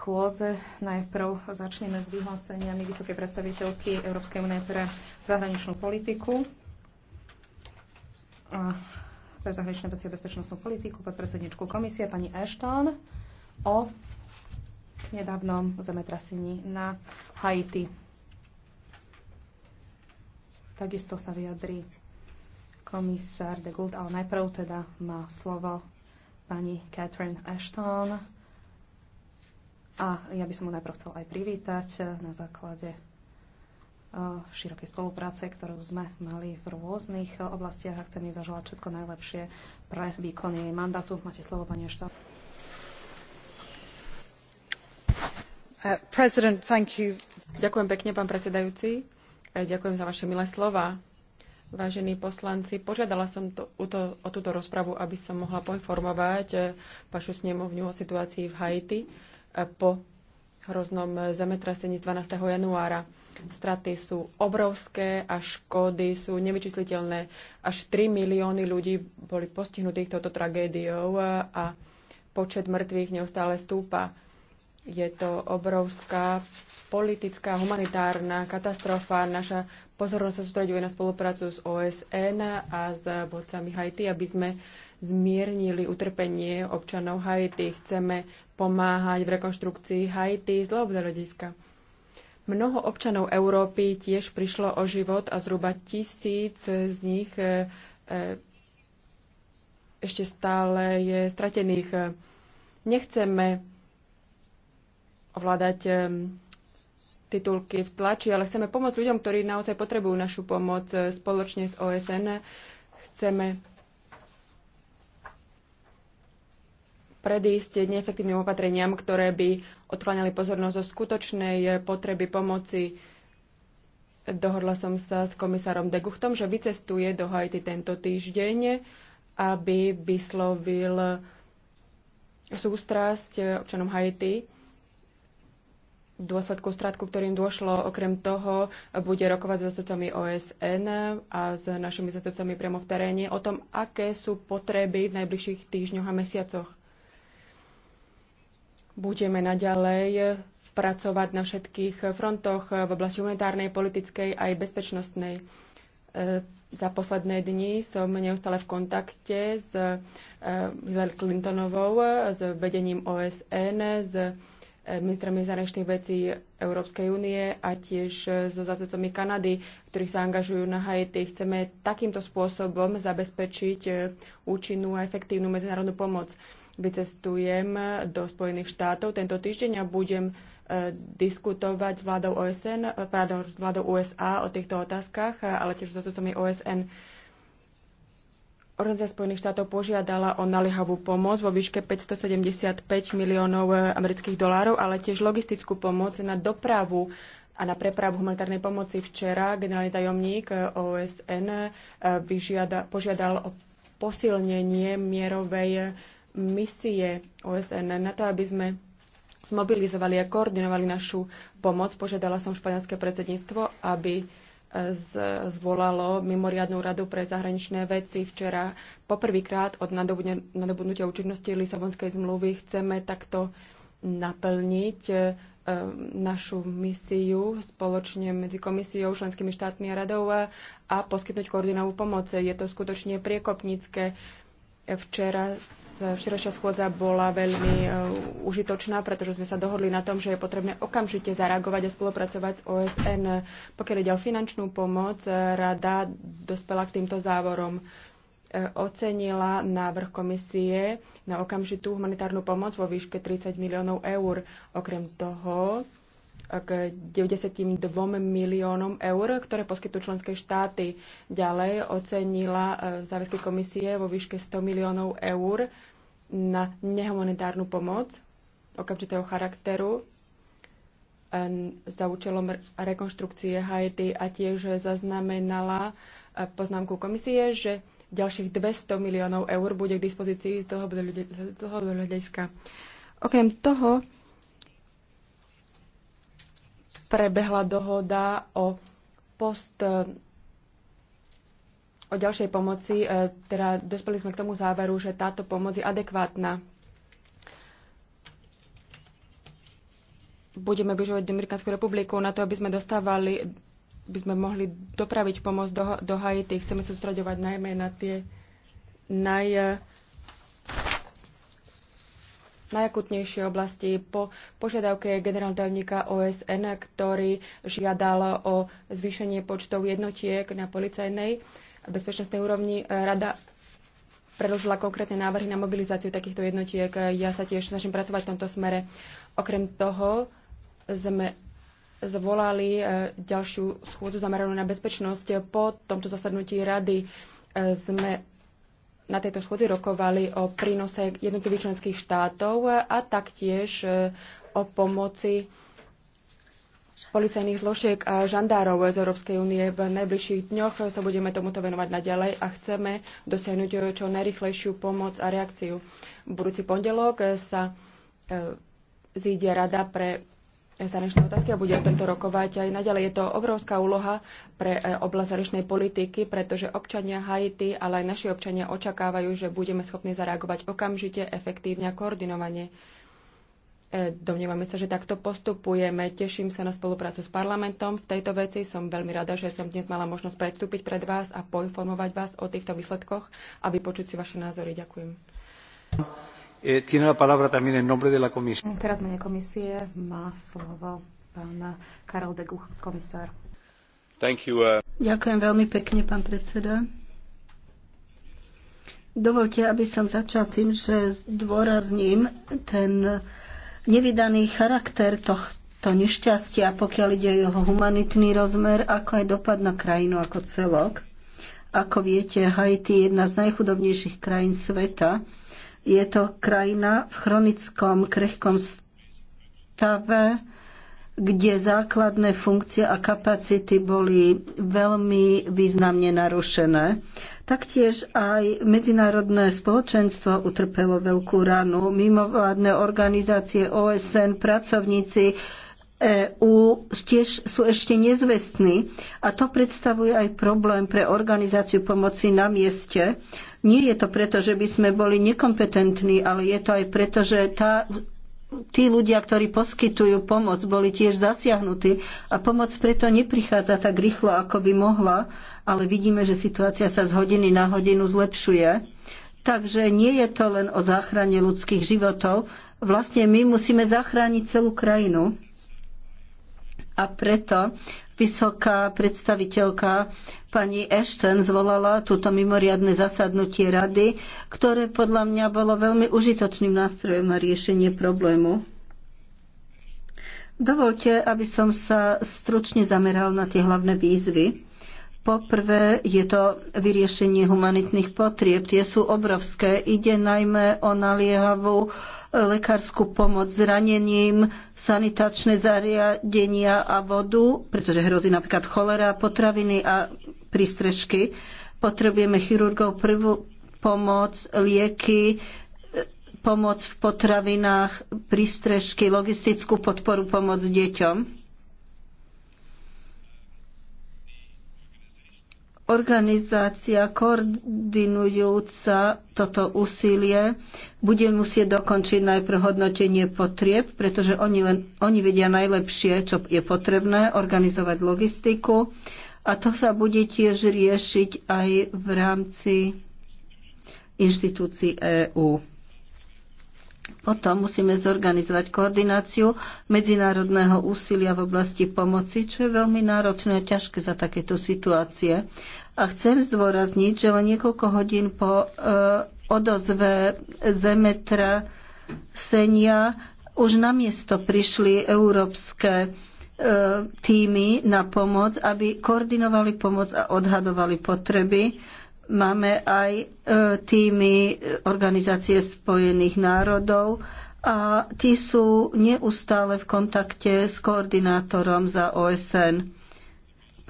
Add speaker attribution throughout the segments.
Speaker 1: schôdze. Najprv začneme s vyhláseniami vysokej predstaviteľky Európskej únie pre zahraničnú politiku a pre zahraničné veci a bezpečnostnú politiku pod predsedničkou komisie pani Ashton o nedávnom zemetrasení na Haiti. Takisto sa vyjadrí komisár de Gult, ale najprv teda má slovo pani Catherine Ashton a ja by som ho najprv chcel aj privítať eh, na základe eh, širokej spolupráce, ktorú sme mali v rôznych eh, oblastiach a chcem jej zaželať všetko najlepšie pre výkon jej mandátu. Máte slovo, pani Ešta. Uh, Ďakujem pekne, pán predsedajúci.
Speaker 2: Ďakujem za vaše milé slova. Vážení poslanci, požiadala som to, to, o túto rozpravu, aby som mohla poinformovať vašu snemovňu o situácii v Haiti po hroznom zemetrasení z 12. januára. Straty sú obrovské a škody sú nevyčísliteľné. Až 3 milióny ľudí boli postihnutých touto tragédiou a počet mŕtvych neustále stúpa. Je to obrovská politická, humanitárna katastrofa. Naša pozornosť sa sústreďuje na spoluprácu s OSN a s vodcami Haiti, aby sme zmiernili utrpenie občanov Haiti. Chceme pomáhať v rekonštrukcii Haiti z dlhodobého Mnoho občanov Európy tiež prišlo o život a zhruba tisíc z nich e, e, ešte stále je stratených. Nechceme ovládať e, titulky v tlači, ale chceme pomôcť ľuďom, ktorí naozaj potrebujú našu pomoc spoločne s OSN. Chceme predísť neefektívnym opatreniam, ktoré by odkláňali pozornosť zo skutočnej potreby pomoci. Dohodla som sa s komisárom Deguchtom, že vycestuje do Haiti tento týždeň, aby vyslovil sústrasť občanom Haiti v dôsledku strátku, ktorým došlo. Okrem toho bude rokovať s zastupcami OSN a s našimi zastupcami priamo v teréne o tom, aké sú potreby v najbližších týždňoch a mesiacoch budeme naďalej pracovať na všetkých frontoch v oblasti humanitárnej, politickej aj bezpečnostnej. E, za posledné dni som neustále v kontakte s e, Hillary Clintonovou, s vedením OSN, s e, ministrami zahraničných vecí Európskej únie a tiež so zástupcami Kanady, ktorí sa angažujú na Haiti. Chceme takýmto spôsobom zabezpečiť účinnú a efektívnu medzinárodnú pomoc vycestujem do Spojených štátov tento týždeň a budem e, diskutovať s vládou, OSN, e, pardon, s vládou USA o týchto otázkach, e, ale tiež s zastupcami OSN. Organizácia Spojených štátov požiadala o naliehavú pomoc vo výške 575 miliónov amerických dolárov, ale tiež logistickú pomoc na dopravu a na prepravu humanitárnej pomoci. Včera generálny tajomník OSN vyžiada, požiadal o posilnenie mierovej misie OSN na to, aby sme zmobilizovali a koordinovali našu pomoc. Požiadala som španielské predsedníctvo, aby e, zvolalo mimoriadnú radu pre zahraničné veci. Včera poprvýkrát od nadobudnutia účinnosti Lisabonskej zmluvy chceme takto naplniť e, našu misiu spoločne medzi komisiou, členskými štátmi a radou a poskytnúť koordinovú pomoc. Je to skutočne priekopnícke. Včera včerajšia schôdza bola veľmi e, užitočná, pretože sme sa dohodli na tom, že je potrebné okamžite zareagovať a spolupracovať s OSN. Pokiaľ ide o finančnú pomoc, e, rada dospela k týmto závorom e, ocenila návrh komisie na okamžitú humanitárnu pomoc vo výške 30 miliónov eur. Okrem toho k 92 miliónom eur, ktoré poskytujú členské štáty. Ďalej ocenila e, záväzky komisie vo výške 100 miliónov eur na nehumanitárnu pomoc okamžitého charakteru e, za účelom rekonštrukcie Haiti a tiež zaznamenala e, poznámku komisie, že ďalších 200 miliónov eur bude k dispozícii z toho hľadiska. Okrem toho, prebehla dohoda o post e, o ďalšej pomoci, e, teda dospeli sme k tomu záveru, že táto pomoc je adekvátna. Budeme vyžovať Dominikánsku republiku na to, aby sme dostávali, by sme mohli dopraviť pomoc do, do Haiti. Chceme sa sústraďovať najmä na tie naj, e, najakutnejšie oblasti po požiadavke generálneho OSN, ktorý žiadal o zvýšenie počtov jednotiek na policajnej a bezpečnostnej úrovni. E, rada predložila konkrétne návrhy na mobilizáciu takýchto jednotiek. Ja sa tiež snažím pracovať v tomto smere. Okrem toho sme zvolali e, ďalšiu schôdzu zameranú na bezpečnosť. Po tomto zasadnutí rady e, sme na tejto schôdzi rokovali o prínose jednotlivých členských štátov a taktiež e, o pomoci policajných zložiek a žandárov z Európskej únie. V najbližších dňoch sa budeme tomuto venovať naďalej a chceme dosiahnuť čo najrychlejšiu pomoc a reakciu. V budúci pondelok sa e, zíde Rada pre zahraničné otázky a bude o tomto rokovať aj naďalej. Je to obrovská úloha pre e, oblasť zahraničnej politiky, pretože občania Haiti, ale aj naši občania očakávajú, že budeme schopní zareagovať okamžite, efektívne a koordinovane. E, domnievame sa, že takto postupujeme. Teším sa na spoluprácu s parlamentom v tejto veci. Som veľmi rada, že som dnes mala možnosť predstúpiť pred vás a poinformovať vás o týchto výsledkoch a vypočuť si vaše názory.
Speaker 1: Ďakujem. Eh, eh, Teraz mene komisie
Speaker 3: má slovo pán komisár. Thank you, uh... Ďakujem veľmi pekne, pán predseda. Dovolte, aby som začal tým, že zdôrazním ten nevydaný charakter tohto nešťastia, pokiaľ ide o jeho humanitný rozmer, ako aj dopad na krajinu ako celok. Ako viete, Haiti je jedna z najchudobnejších krajín sveta je to krajina v chronickom krehkom stave, kde základné funkcie a kapacity boli veľmi významne narušené. Taktiež aj medzinárodné spoločenstvo utrpelo veľkú ranu. Mimovládne organizácie OSN, pracovníci EÚ tiež sú ešte nezvestní a to predstavuje aj problém pre organizáciu pomoci na mieste. Nie je to preto, že by sme boli nekompetentní, ale je to aj preto, že tá, tí ľudia, ktorí poskytujú pomoc, boli tiež zasiahnutí a pomoc preto neprichádza tak rýchlo, ako by mohla, ale vidíme, že situácia sa z hodiny na hodinu zlepšuje. Takže nie je to len o záchrane ľudských životov, vlastne my musíme zachrániť celú krajinu a preto vysoká predstaviteľka pani Ashton zvolala túto mimoriadne zasadnutie rady, ktoré podľa mňa bolo veľmi užitočným nástrojom na riešenie problému. Dovolte, aby som sa stručne zameral na tie hlavné výzvy, Poprvé je to vyriešenie humanitných potrieb. Tie sú obrovské. Ide najmä o naliehavú e, lekárskú pomoc zranením, sanitačné zariadenia a vodu, pretože hrozí napríklad cholera, potraviny a prístrežky. Potrebujeme chirurgov prvú pomoc, lieky, e, pomoc v potravinách, prístrežky, logistickú podporu, pomoc deťom organizácia koordinujúca toto úsilie bude musieť dokončiť najprv hodnotenie potrieb, pretože oni, len, oni vedia najlepšie, čo je potrebné, organizovať logistiku a to sa bude tiež riešiť aj v rámci inštitúcií EÚ. Potom musíme zorganizovať koordináciu medzinárodného úsilia v oblasti pomoci, čo je veľmi náročné a ťažké za takéto situácie. A chcem zdôrazniť, že len niekoľko hodín po eh, odozve zemetra senia už na miesto prišli európske eh, týmy na pomoc, aby koordinovali pomoc a odhadovali potreby. Máme aj eh, týmy Organizácie spojených národov a tí sú neustále v kontakte s koordinátorom za OSN.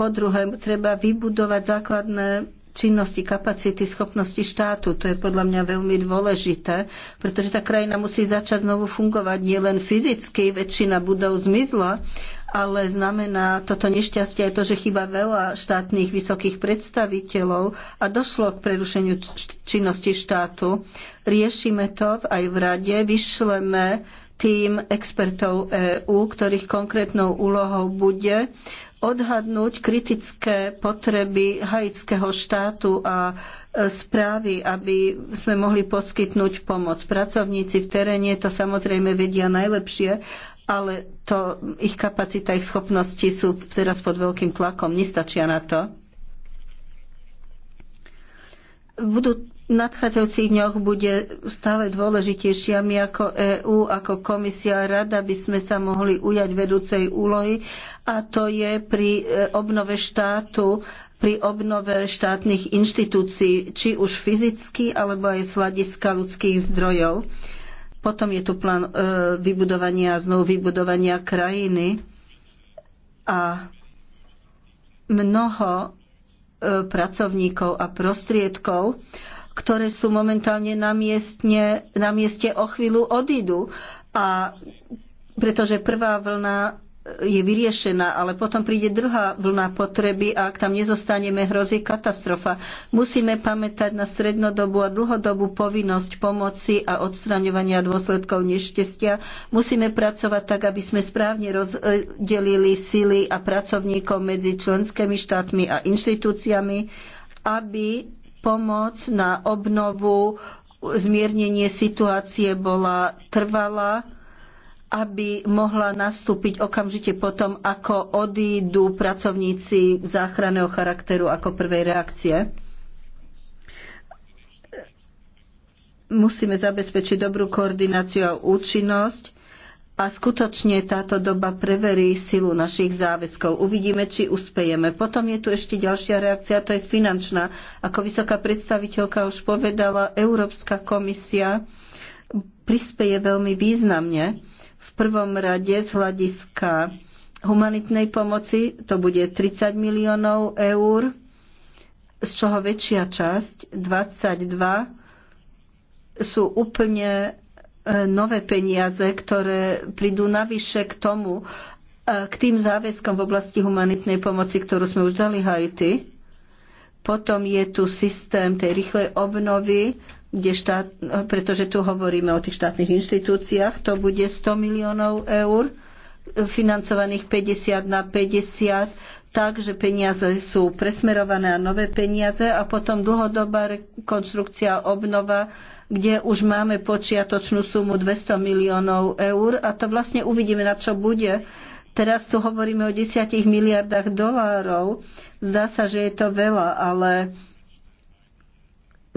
Speaker 3: Po druhé, treba vybudovať základné činnosti, kapacity, schopnosti štátu. To je podľa mňa veľmi dôležité, pretože tá krajina musí začať znovu fungovať nielen fyzicky, väčšina budov zmizla, ale znamená toto nešťastie aj to, že chyba veľa štátnych vysokých predstaviteľov a došlo k prerušeniu činnosti štátu. Riešime to aj v rade, vyšleme tým expertov EÚ, ktorých konkrétnou úlohou bude odhadnúť kritické potreby haitského štátu a e, správy, aby sme mohli poskytnúť pomoc. Pracovníci v teréne to samozrejme vedia najlepšie, ale to, ich kapacita, ich schopnosti sú teraz pod veľkým tlakom, nestačia na to. Budú v nadchádzajúcich dňoch bude stále dôležitejšia. My ako EÚ, ako komisia a rada by sme sa mohli ujať vedúcej úlohy a to je pri e, obnove štátu pri obnove štátnych inštitúcií, či už fyzicky, alebo aj z hľadiska ľudských zdrojov. Potom je tu plán e, vybudovania a znovu vybudovania krajiny a mnoho e, pracovníkov a prostriedkov ktoré sú momentálne na, miestne, na mieste, o chvíľu odídu. A pretože prvá vlna je vyriešená, ale potom príde druhá vlna potreby a ak tam nezostaneme, hrozí katastrofa. Musíme pamätať na strednodobú a dlhodobú povinnosť pomoci a odstraňovania dôsledkov nešťastia. Musíme pracovať tak, aby sme správne rozdelili sily a pracovníkov medzi členskými štátmi a inštitúciami, aby Pomoc na obnovu, zmiernenie situácie bola trvalá, aby mohla nastúpiť okamžite potom, ako odídu pracovníci záchranného charakteru ako prvej reakcie. musíme zabezpečiť dobrú koordináciu a účinnosť a skutočne táto doba preverí silu našich záväzkov. Uvidíme, či uspejeme. Potom je tu ešte ďalšia reakcia, to je finančná. Ako vysoká predstaviteľka už povedala, Európska komisia prispeje veľmi významne. V prvom rade z hľadiska humanitnej pomoci to bude 30 miliónov eur, z čoho väčšia časť, 22, sú úplne E, nové peniaze, ktoré prídu navyše k tomu, e, k tým záväzkom v oblasti humanitnej pomoci, ktorú sme už dali Haiti. Potom je tu systém tej rýchlej obnovy, kde štát, pretože tu hovoríme o tých štátnych inštitúciách, to bude 100 miliónov eur, financovaných 50 na 50, takže peniaze sú presmerované a nové peniaze a potom dlhodobá rekonstrukcia obnova kde už máme počiatočnú sumu 200 miliónov eur a to vlastne uvidíme, na čo bude. Teraz tu hovoríme o 10 miliardách dolárov. Zdá sa, že je to veľa, ale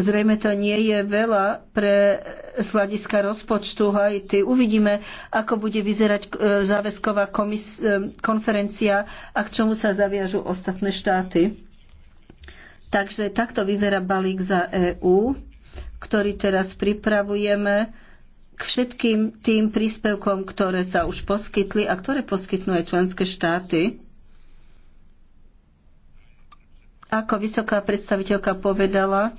Speaker 3: zrejme to nie je veľa pre sladiska rozpočtu Haiti. Uvidíme, ako bude vyzerať e, záväzková komis- e, konferencia a k čomu sa zaviažú ostatné štáty. Takže takto vyzerá balík za EÚ ktorý teraz pripravujeme, k všetkým tým príspevkom, ktoré sa už poskytli a ktoré poskytnú aj členské štáty. Ako vysoká predstaviteľka povedala,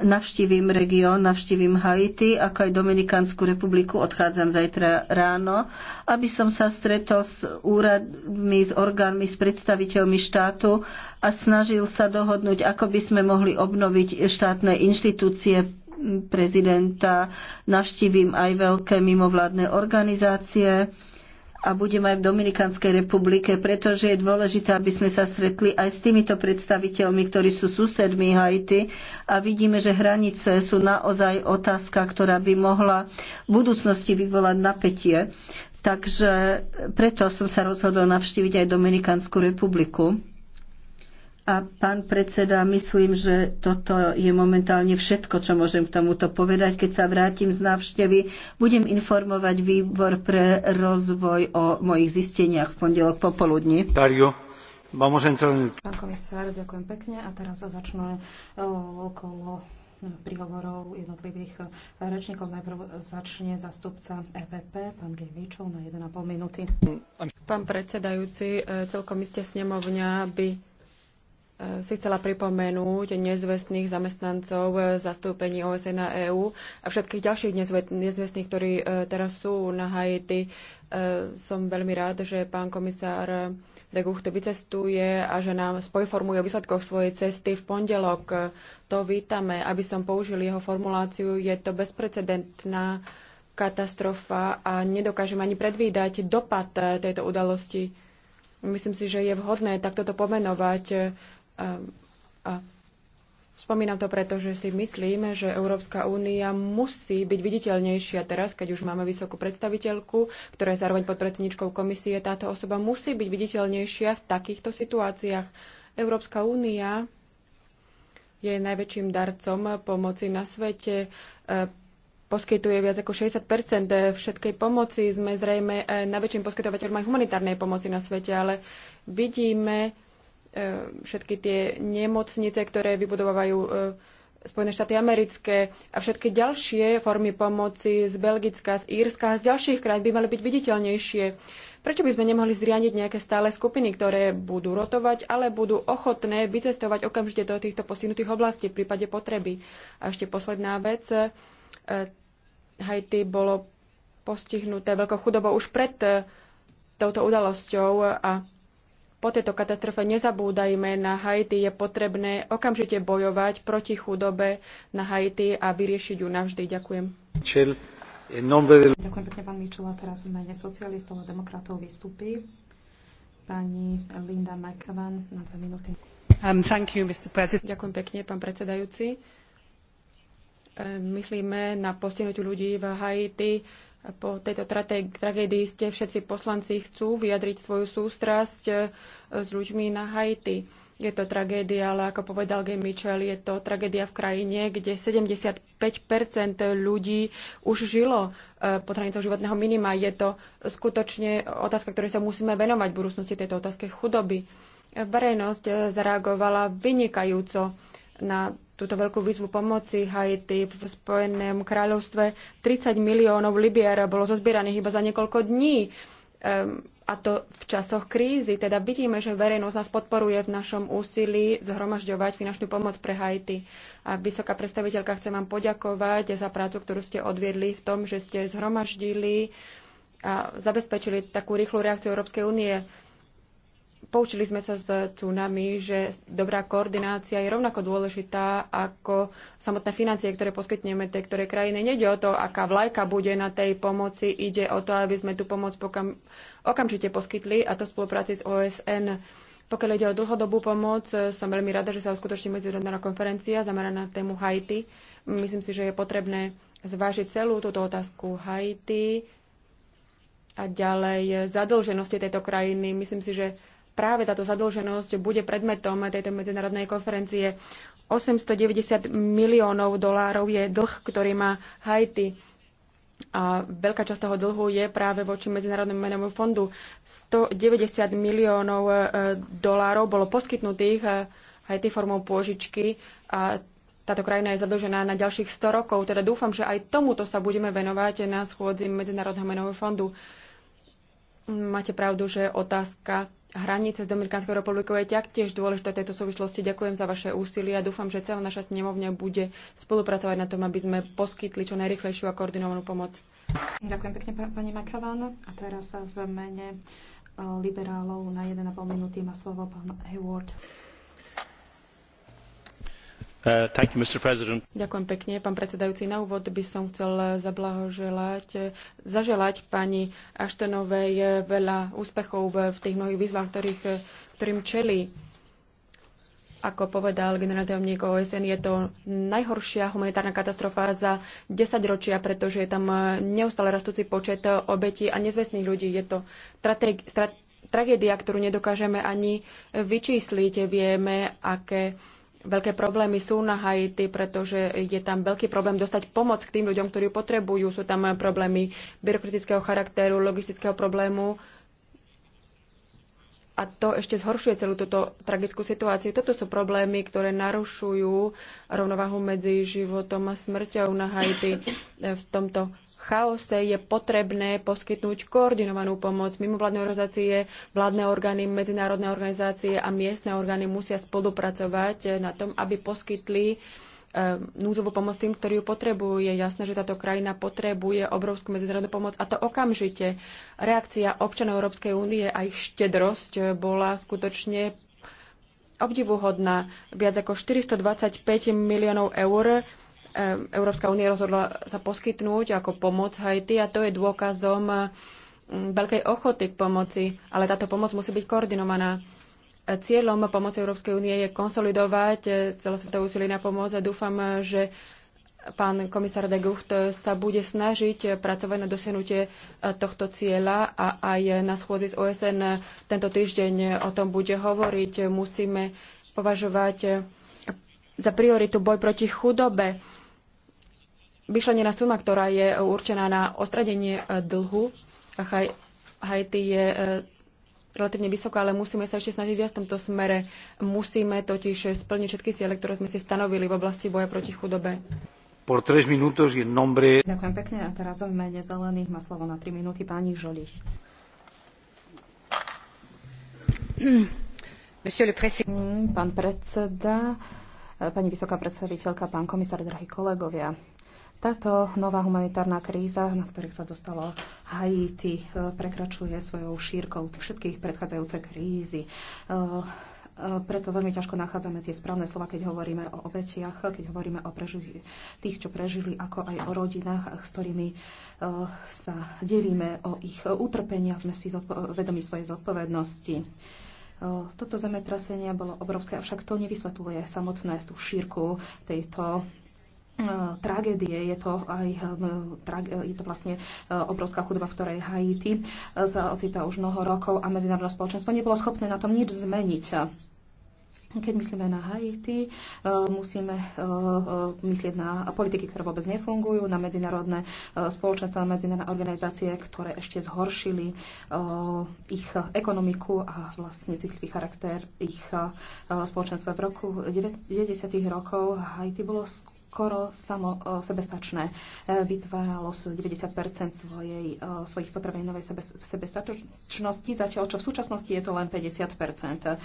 Speaker 3: navštívim región, navštívim Haiti, ako aj Dominikánsku republiku, odchádzam zajtra ráno, aby som sa stretol s úradmi, s orgánmi, s predstaviteľmi štátu a snažil sa dohodnúť, ako by sme mohli obnoviť štátne inštitúcie prezidenta, navštívim aj veľké mimovládne organizácie a budem aj v Dominikanskej republike, pretože je dôležité, aby sme sa stretli aj s týmito predstaviteľmi, ktorí sú susedmi Haiti a vidíme, že hranice sú naozaj otázka, ktorá by mohla v budúcnosti vyvolať napätie. Takže preto som sa rozhodol navštíviť aj Dominikanskú republiku. A pán predseda, myslím, že toto je momentálne všetko, čo môžem k tomuto povedať. Keď sa vrátim z návštevy, budem informovať výbor pre rozvoj o mojich zisteniach v pondelok popoludní. Dario. Pán
Speaker 1: komisár, ďakujem pekne a teraz sa začnú e, okolo e, príhovorov jednotlivých e, rečníkov. Najprv začne zastupca EPP, pán Gejvičov, na 1,5 minúty.
Speaker 2: Pán predsedajúci, celkom iste snemovňa by si chcela pripomenúť nezvestných zamestnancov zastúpení OSN na EÚ a všetkých ďalších nezvestných, ktorí e, teraz sú na Haiti. E, som veľmi rád, že pán komisár de Gucht vycestuje a že nám spojformuje o výsledkoch svojej cesty v pondelok. To vítame. Aby som použil jeho formuláciu, je to bezprecedentná katastrofa a nedokážem ani predvídať dopad tejto udalosti. Myslím si, že je vhodné takto to pomenovať a spomínam to preto, že si myslím, že Európska únia musí byť viditeľnejšia teraz, keď už máme vysokú predstaviteľku, ktorá je zároveň podpredsedničkou komisie. Táto osoba musí byť viditeľnejšia v takýchto situáciách. Európska únia je najväčším darcom pomoci na svete. E, poskytuje viac ako 60 všetkej pomoci. Sme zrejme e, najväčším poskytovateľom aj humanitárnej pomoci na svete, ale vidíme, E, všetky tie nemocnice, ktoré vybudovajú e, Spojené štáty americké a všetky ďalšie formy pomoci z Belgicka, z Írska a z ďalších krajín by mali byť viditeľnejšie. Prečo by sme nemohli zriadiť nejaké stále skupiny, ktoré budú rotovať, ale budú ochotné vycestovať okamžite do týchto postihnutých oblastí v prípade potreby? A ešte posledná vec. E, Haiti bolo postihnuté veľkou chudobou už pred touto udalosťou a po tejto katastrofe nezabúdajme na Haiti. Je potrebné okamžite bojovať proti chudobe na Haiti a vyriešiť ju navždy.
Speaker 1: Ďakujem. Ďakujem pekne, pán Mičula. Teraz v mene socialistov a demokratov vystupí pani Linda McAvan na dve minúty. Um,
Speaker 2: you, Ďakujem pekne, pán predsedajúci. Myslíme na postihnutiu ľudí v Haiti po tejto tragédii ste všetci poslanci chcú vyjadriť svoju sústrasť eh, s ľuďmi na Haiti. Je to tragédia, ale ako povedal Gay Mitchell, je to tragédia v krajine, kde 75 ľudí už žilo eh, pod hranicou životného minima. Je to skutočne otázka, ktorej sa musíme venovať v budúcnosti tejto otázke chudoby. Verejnosť eh, zareagovala vynikajúco na túto veľkú výzvu pomoci Haiti v Spojenom kráľovstve. 30 miliónov libier bolo zozbieraných iba za niekoľko dní. Um, a to v časoch krízy. Teda vidíme, že verejnosť nás podporuje v našom úsilí zhromažďovať finančnú pomoc pre Haiti. A vysoká predstaviteľka, chcem vám poďakovať za prácu, ktorú ste odviedli v tom, že ste zhromaždili a zabezpečili takú rýchlu reakciu Európskej únie Poučili sme sa s tsunami, že dobrá koordinácia je rovnako dôležitá ako samotné financie, ktoré poskytneme tej ktorej krajine. Nede o to, aká vlajka bude na tej pomoci, ide o to, aby sme tú pomoc pokam, okamžite poskytli a to v spolupráci s OSN. Pokiaľ ide o dlhodobú pomoc, som veľmi rada, že sa uskutoční medzinárodná konferencia zameraná na tému Haiti. Myslím si, že je potrebné zvážiť celú túto otázku Haiti a ďalej zadlženosti tejto krajiny. Myslím si, že práve táto zadlženosť bude predmetom tejto medzinárodnej konferencie. 890 miliónov dolárov je dlh, ktorý má Haiti. A veľká časť toho dlhu je práve voči Medzinárodnému menovému fondu. 190 miliónov e, dolárov bolo poskytnutých e, Haiti formou pôžičky a táto krajina je zadlžená na ďalších 100 rokov. Teda dúfam, že aj tomuto sa budeme venovať na schôdzi Medzinárodného menového fondu. Máte pravdu, že otázka hranice s Dominikánskou republikou je taktiež dôležité v tejto súvislosti. Ďakujem za vaše úsilie a dúfam, že celá naša snemovňa bude spolupracovať na tom, aby sme poskytli čo najrychlejšiu a koordinovanú pomoc.
Speaker 1: Ďakujem pekne, pani Makraván. A teraz sa v mene eh, liberálov na 1,5 minúty má slovo pán Hayward. Uh,
Speaker 2: Ďakujem pekne, pán predsedajúci. Na úvod by som chcel zablahoželať, zaželať pani Aštenovej veľa úspechov v, tých mnohých výzvach, ktorých, ktorým čelí. Ako povedal generál tajomník OSN, je to najhoršia humanitárna katastrofa za 10 ročia, pretože je tam neustále rastúci počet obetí a nezvestných ľudí. Je to tragédia, ktorú nedokážeme ani vyčísliť. Vieme, aké Veľké problémy sú na Haiti, pretože je tam veľký problém dostať pomoc k tým ľuďom, ktorí potrebujú. Sú tam problémy byrokratického charakteru, logistického problému. A to ešte zhoršuje celú túto tragickú situáciu. Toto sú problémy, ktoré narušujú rovnováhu medzi životom a smrťou na Haiti. V tomto chaose je potrebné poskytnúť koordinovanú pomoc. Mimovládne organizácie, vládne orgány, medzinárodné organizácie a miestne orgány musia spolupracovať na tom, aby poskytli eh, núzovú pomoc tým, ktorí ju potrebujú. Je jasné, že táto krajina potrebuje obrovskú medzinárodnú pomoc a to okamžite. Reakcia občanov Európskej únie a ich štedrosť bola skutočne obdivuhodná. Viac ako 425 miliónov eur Európska únia rozhodla sa poskytnúť ako pomoc Haiti a to je dôkazom mm, veľkej ochoty k pomoci, ale táto pomoc musí byť koordinovaná. Cieľom pomoci Európskej únie je konsolidovať eh, celosvetové úsilie na pomoc a dúfam, že pán komisár de Gucht sa bude snažiť pracovať na dosiahnutie eh, tohto cieľa a aj na schôdzi z OSN tento týždeň o tom bude hovoriť. Musíme považovať eh, za prioritu boj proti chudobe vyšlenená suma, ktorá je určená na ostradenie e, dlhu. Haiti je e, relatívne vysoká, ale musíme sa ešte snažiť viac v tomto smere. Musíme totiž splniť všetky ciele, ktoré sme si stanovili v oblasti boja proti chudobe.
Speaker 1: Por tres minutos y nombre... Ďakujem pekne a teraz v mene zelených má slovo na 3 minúty pani Žoliš. Pán predseda, pani vysoká predstaviteľka, pán komisár, drahí kolegovia. Táto nová humanitárna kríza, na ktorých sa dostalo Haiti, e, prekračuje svojou šírkou všetkých predchádzajúce krízy e, e, preto veľmi ťažko nachádzame tie správne slova, keď hovoríme o obetiach, keď hovoríme o preži- tých, čo prežili, ako aj o rodinách, s ktorými sa delíme o ich utrpenia, sme si vedomi svojej zodpovednosti. toto zemetrasenie bolo obrovské, avšak to nevysvetľuje samotné tú šírku tejto E, tragédie. Je to, aj, e, je to vlastne e, obrovská chudoba, v ktorej Haiti sa ocitá už mnoho rokov a medzinárodné spoločenstvo nebolo schopné na tom nič zmeniť. Keď myslíme na Haiti, musíme myslieť na politiky, ktoré vôbec nefungujú, na medzinárodné spoločenstva, na medzinárodné organizácie, ktoré ešte zhoršili ich ekonomiku a vlastne citlivý charakter ich spoločenstva. V roku 90. rokov Haiti bolo skoro samo e, sebestačné. E, vytváralo 90 svojej, e, svojich potravinovej sebestačnosti, zatiaľ čo v súčasnosti je to len 50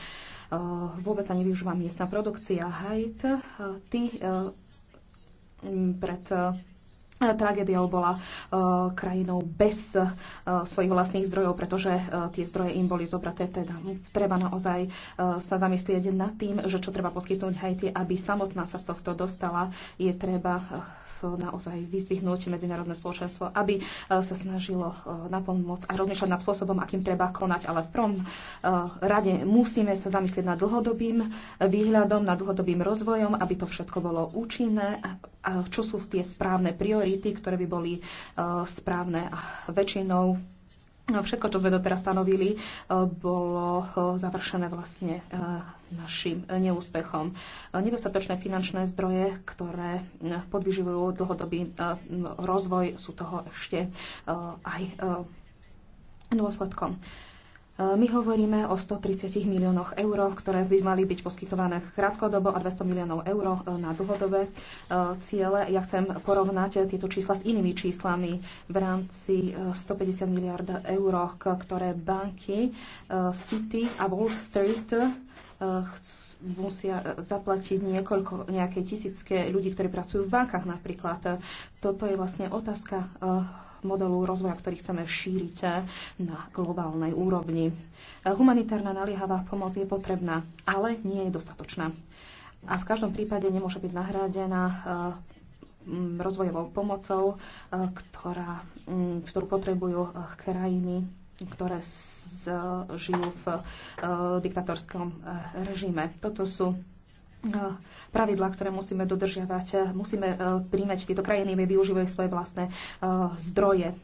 Speaker 1: Vôbec sa nevyužíva miestna produkcia. Hajt, ty pred tragédiou bola e, krajinou bez e, svojich vlastných zdrojov, pretože e, tie zdroje im boli zobraté. Teda treba naozaj sa zamyslieť nad tým, že čo treba poskytnúť Haiti, aby samotná sa z tohto dostala. Je treba naozaj vyzvihnúť medzinárodné spoločenstvo, aby sa snažilo pomoc a rozmýšľať nad spôsobom, akým treba konať. Ale v prvom rade musíme sa zamyslieť nad dlhodobým výhľadom, nad dlhodobým rozvojom, aby to všetko bolo účinné, čo sú tie správne priority, ktoré by boli e, správne väčšinou. No, všetko, čo sme doteraz stanovili, e, bolo e, završené vlastne našim neúspechom. Nedostatočné finančné zdroje, ktoré podvyživujú dlhodobý rozvoj, sú toho ešte aj dôsledkom. My hovoríme o 130 miliónoch eur, ktoré by mali byť poskytované krátkodobo a 200 miliónov eur e, na dlhodobé e, ciele. Ja chcem porovnať tieto čísla s inými číslami v rámci 150 e, miliard eur, ktoré banky City a Wall Street musia zaplatiť niekoľko, nejaké tisícké ľudí, ktorí pracujú v bankách napríklad. Toto je vlastne otázka modelu rozvoja, ktorý chceme šíriť na globálnej úrovni. Humanitárna naliehavá pomoc je potrebná, ale nie je dostatočná. A v každom prípade nemôže byť nahradená mm, rozvojovou pomocou, e, ktorá, mm, ktorú potrebujú e, krajiny ktoré e, žijú v diktatorskom režime. Toto sú Eh, pravidlá, ktoré musíme dodržiavať. Eh, musíme eh, príjmať tieto krajiny, my využívajú svoje vlastné zdroje.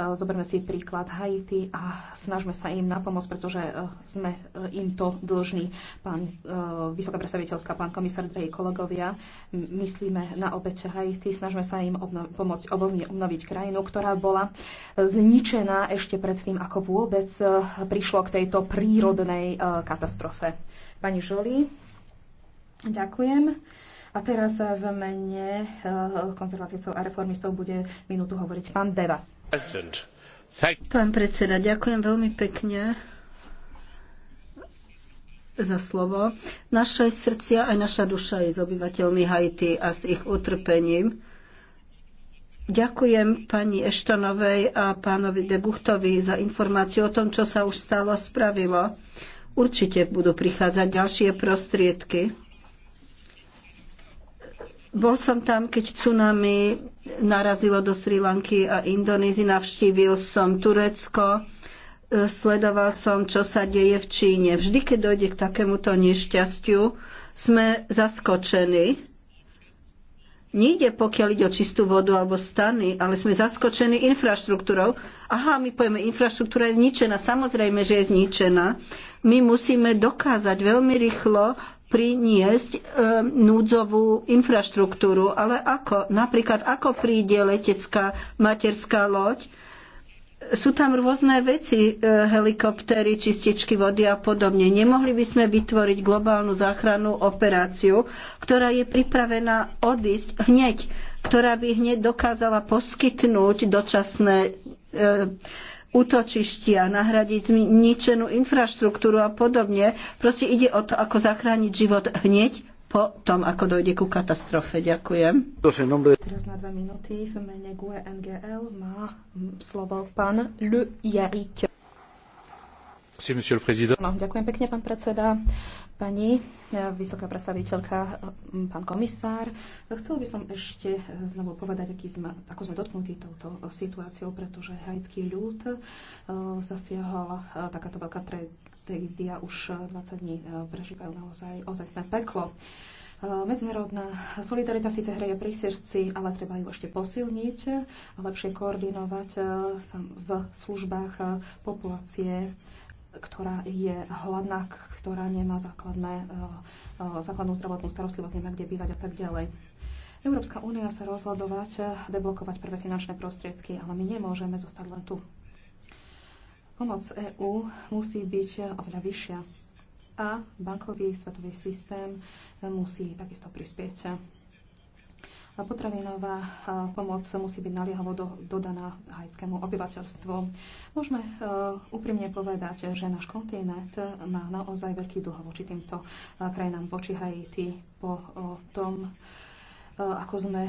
Speaker 1: Zoberme si príklad Haiti a snažme sa im na pomoc, pretože sme im to dlžní. Pán vysoká predstaviteľská, pán komisár Drej, kolegovia, myslíme na obeť Haiti, snažme sa im obno- pomôcť obovne obnoviť krajinu, ktorá bola zničená ešte predtým, ako vôbec prišlo k tejto prírodnej katastrofe. Pani Žoli. Ďakujem. A teraz v mene eh, konzervatívcov a reformistov bude
Speaker 3: minútu hovoriť pán Deva. Pán predseda, ďakujem veľmi pekne za slovo. Naše srdcia aj naša duša je s obyvateľmi Haiti a s ich utrpením. Ďakujem pani Eštonovej a pánovi de Guchtovi za informáciu o tom, čo sa už stalo spravilo. Určite budú prichádzať ďalšie prostriedky. Bol som tam, keď tsunami narazilo do Sri Lanky a Indonézii. navštívil som Turecko, e, sledoval som, čo sa deje v Číne. Vždy, keď dojde k takémuto nešťastiu, sme zaskočení. Níde, pokiaľ ide o čistú vodu alebo stany, ale sme zaskočení infraštruktúrou. Aha, my povieme, infraštruktúra je zničená. Samozrejme, že je zničená. My musíme dokázať veľmi rýchlo priniesť e, núdzovú infraštruktúru. Ale ako? Napríklad, ako príde letecká materská loď? sú tam rôzne veci, e, helikoptery, čističky vody a podobne. Nemohli by sme vytvoriť globálnu záchrannú operáciu, ktorá je pripravená odísť hneď, ktorá by hneď dokázala poskytnúť dočasné e, útočištia, nahradiť zničenú infraštruktúru a podobne. Proste ide o to, ako zachrániť život hneď po tom, ako dojde ku katastrofe. Ďakujem. Teraz na dve minúty v mene
Speaker 1: GUE NGL má slovo pán Le Jarik ďakujem pekne, pán predseda. Pani eh, vysoká predstaviteľka, eh, pán komisár, chcel by som ešte eh, znovu povedať, aký sme, ako sme dotknutí touto situáciou, pretože haitský ľud zasiahol takáto veľká tragédia už 20 dní prežívajú naozaj ozajstné peklo. Medzinárodná solidarita síce hraje pri srdci, ale treba ju ešte posilniť a lepšie koordinovať v službách populácie ktorá je hladná, ktorá nemá základné, eh, eh, základnú zdravotnú starostlivosť, nemá kde bývať a tak ďalej. Európska únia sa rozhodovať, eh, deblokovať prvé finančné prostriedky, ale my nemôžeme zostať len tu. Pomoc EÚ musí byť oveľa vyššia a bankový svetový systém musí takisto prispieť. Potravinová pomoc musí byť naliehavo do, dodaná haitskému obyvateľstvu. Môžeme e, úprimne povedať, že náš kontinent má naozaj veľký dlh voči týmto e, krajinám, voči Haiti po e, tom, ako sme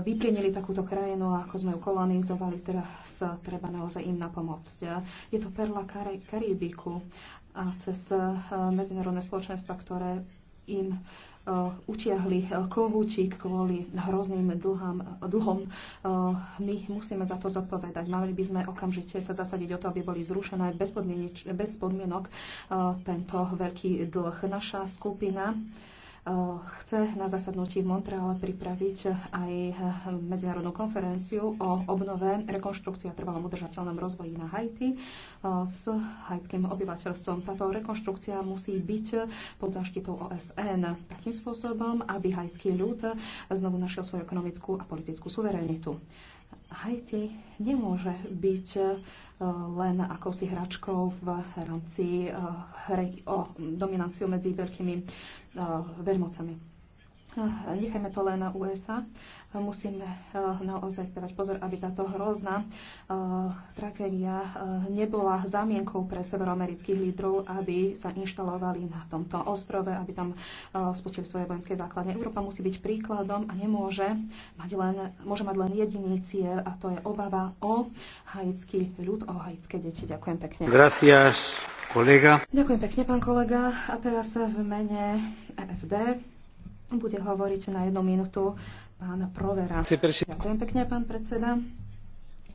Speaker 1: vyplienili takúto krajinu a ako sme ju kolonizovali, teraz treba naozaj im napomôcť. Je to perla Karibiku a cez medzinárodné spoločenstva, ktoré im Eh, utiahli eh, kohúčik kvôli hrozným dlhám, eh, dlhom. My musíme za to zodpovedať. Mali by sme okamžite sa zasadiť o to, aby boli zrušené bez podmienok tento veľký dlh. Naša skupina chce na zasadnutí v Montreale pripraviť aj medzinárodnú konferenciu o obnove, rekonštrukcii a trvalom udržateľnom rozvoji na Haiti s haitským obyvateľstvom. Táto rekonštrukcia musí byť pod záštitou OSN takým spôsobom, aby haitský ľud znovu našiel svoju ekonomickú a politickú suverenitu. Haiti nemôže byť len akousi hračkou v rámci eh, hry o dominanciu medzi veľkými eh, veľmocami. Eh, nechajme to len na USA. Eh, musíme eh, naozaj stavať pozor, aby táto hrozná tragédia nebola zamienkou pre severoamerických lídrov, aby sa inštalovali na tomto ostrove, aby tam spustili svoje vojenské základne. Európa musí byť príkladom a nemôže mať len, môže mať len jediný cieľ a to je obava o haitský ľud, o haitské deti. Ďakujem pekne. Gracias, kolega. Ďakujem pekne, pán kolega. A teraz v mene EFD bude hovoriť na jednu minútu pán Provera. Ďakujem pekne, pán predseda.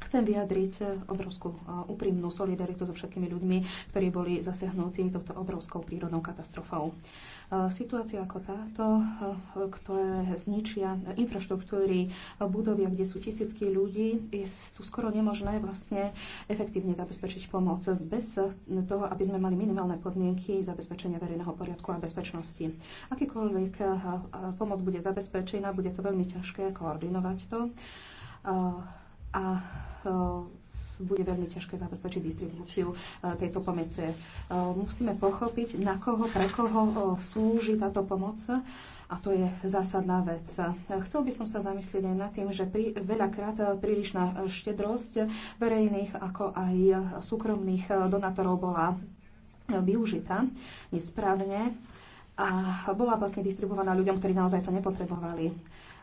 Speaker 1: Chcem vyjadriť eh, obrovskú eh, úprimnú solidaritu so všetkými ľuďmi, ktorí boli zasiahnutí touto obrovskou prírodnou katastrofou. Eh, situácia ako táto, ktoré zničia infraštruktúry, budovia, kde sú tisícky ľudí, je tu skoro nemožné vlastne efektívne zabezpečiť pomoc bez toho, aby sme mali minimálne podmienky zabezpečenia verejného poriadku a bezpečnosti. Akýkoľvek pomoc bude zabezpečená, bude to veľmi ťažké koordinovať to a eh, bude veľmi ťažké zabezpečiť distribúciu eh, tejto pomoci. Eh, musíme pochopiť, na koho, pre koho slúži táto pomoc a to je zásadná vec. Chcel by som sa zamyslieť aj nad tým, že pri, veľakrát prílišná štedrosť verejných ako aj súkromných donátorov bola využitá nesprávne a bola vlastne distribuovaná ľuďom, ktorí naozaj to nepotrebovali.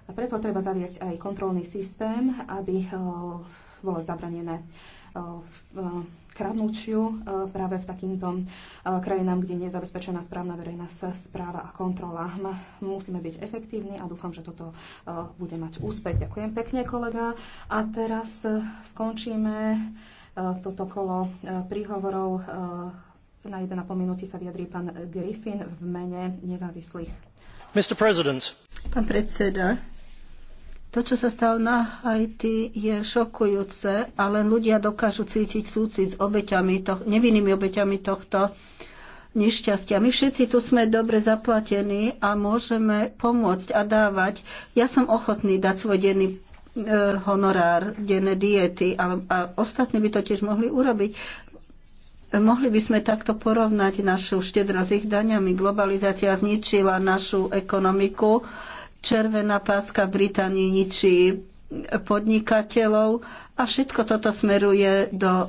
Speaker 1: A preto treba zaviesť aj kontrolný systém, aby eh, bolo zabranené eh, eh, kradnúčiu práve v takýmto krajinám, kde nie je zabezpečená správna verejná správa a kontrola. Musíme byť efektívni a dúfam, že toto bude mať úspech. Ďakujem pekne, kolega. A teraz skončíme toto kolo príhovorov. Na 1,5 minúty sa vyjadrí pán Griffin v mene nezávislých.
Speaker 3: Pán predseda, to, čo sa stalo na Haiti, je šokujúce a len ľudia dokážu cítiť súcit s obeťami toh, nevinnými obeťami tohto nešťastia. My všetci tu sme dobre zaplatení a môžeme pomôcť a dávať. Ja som ochotný dať svoj denný e, honorár, denné diety a, a ostatní by to tiež mohli urobiť. Mohli by sme takto porovnať našu štedrosť ich daňami. Globalizácia zničila našu ekonomiku Červená páska v Británii ničí podnikateľov a všetko toto smeruje do e,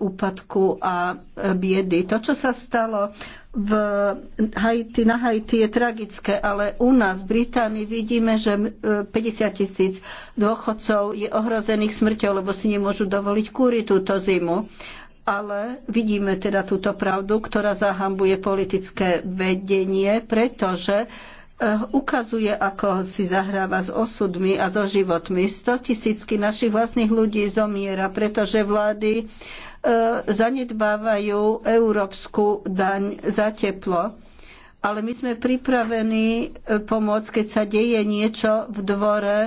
Speaker 3: úpadku a e, biedy. To, čo sa stalo v Haiti, na Haiti je tragické, ale u nás v Británii vidíme, že 50 e, tisíc dôchodcov je ohrozených smrťou, lebo si nemôžu dovoliť kúri túto zimu. Ale vidíme teda túto pravdu, ktorá zahambuje politické vedenie, pretože uh, Eh, ukazuje, ako si zahráva s osudmi a so životmi. 100 tisícky našich vlastných ľudí zomiera, pretože vlády eh, zanedbávajú európsku daň za teplo. Ale my sme pripravení eh, pomôcť, keď sa deje niečo v dvore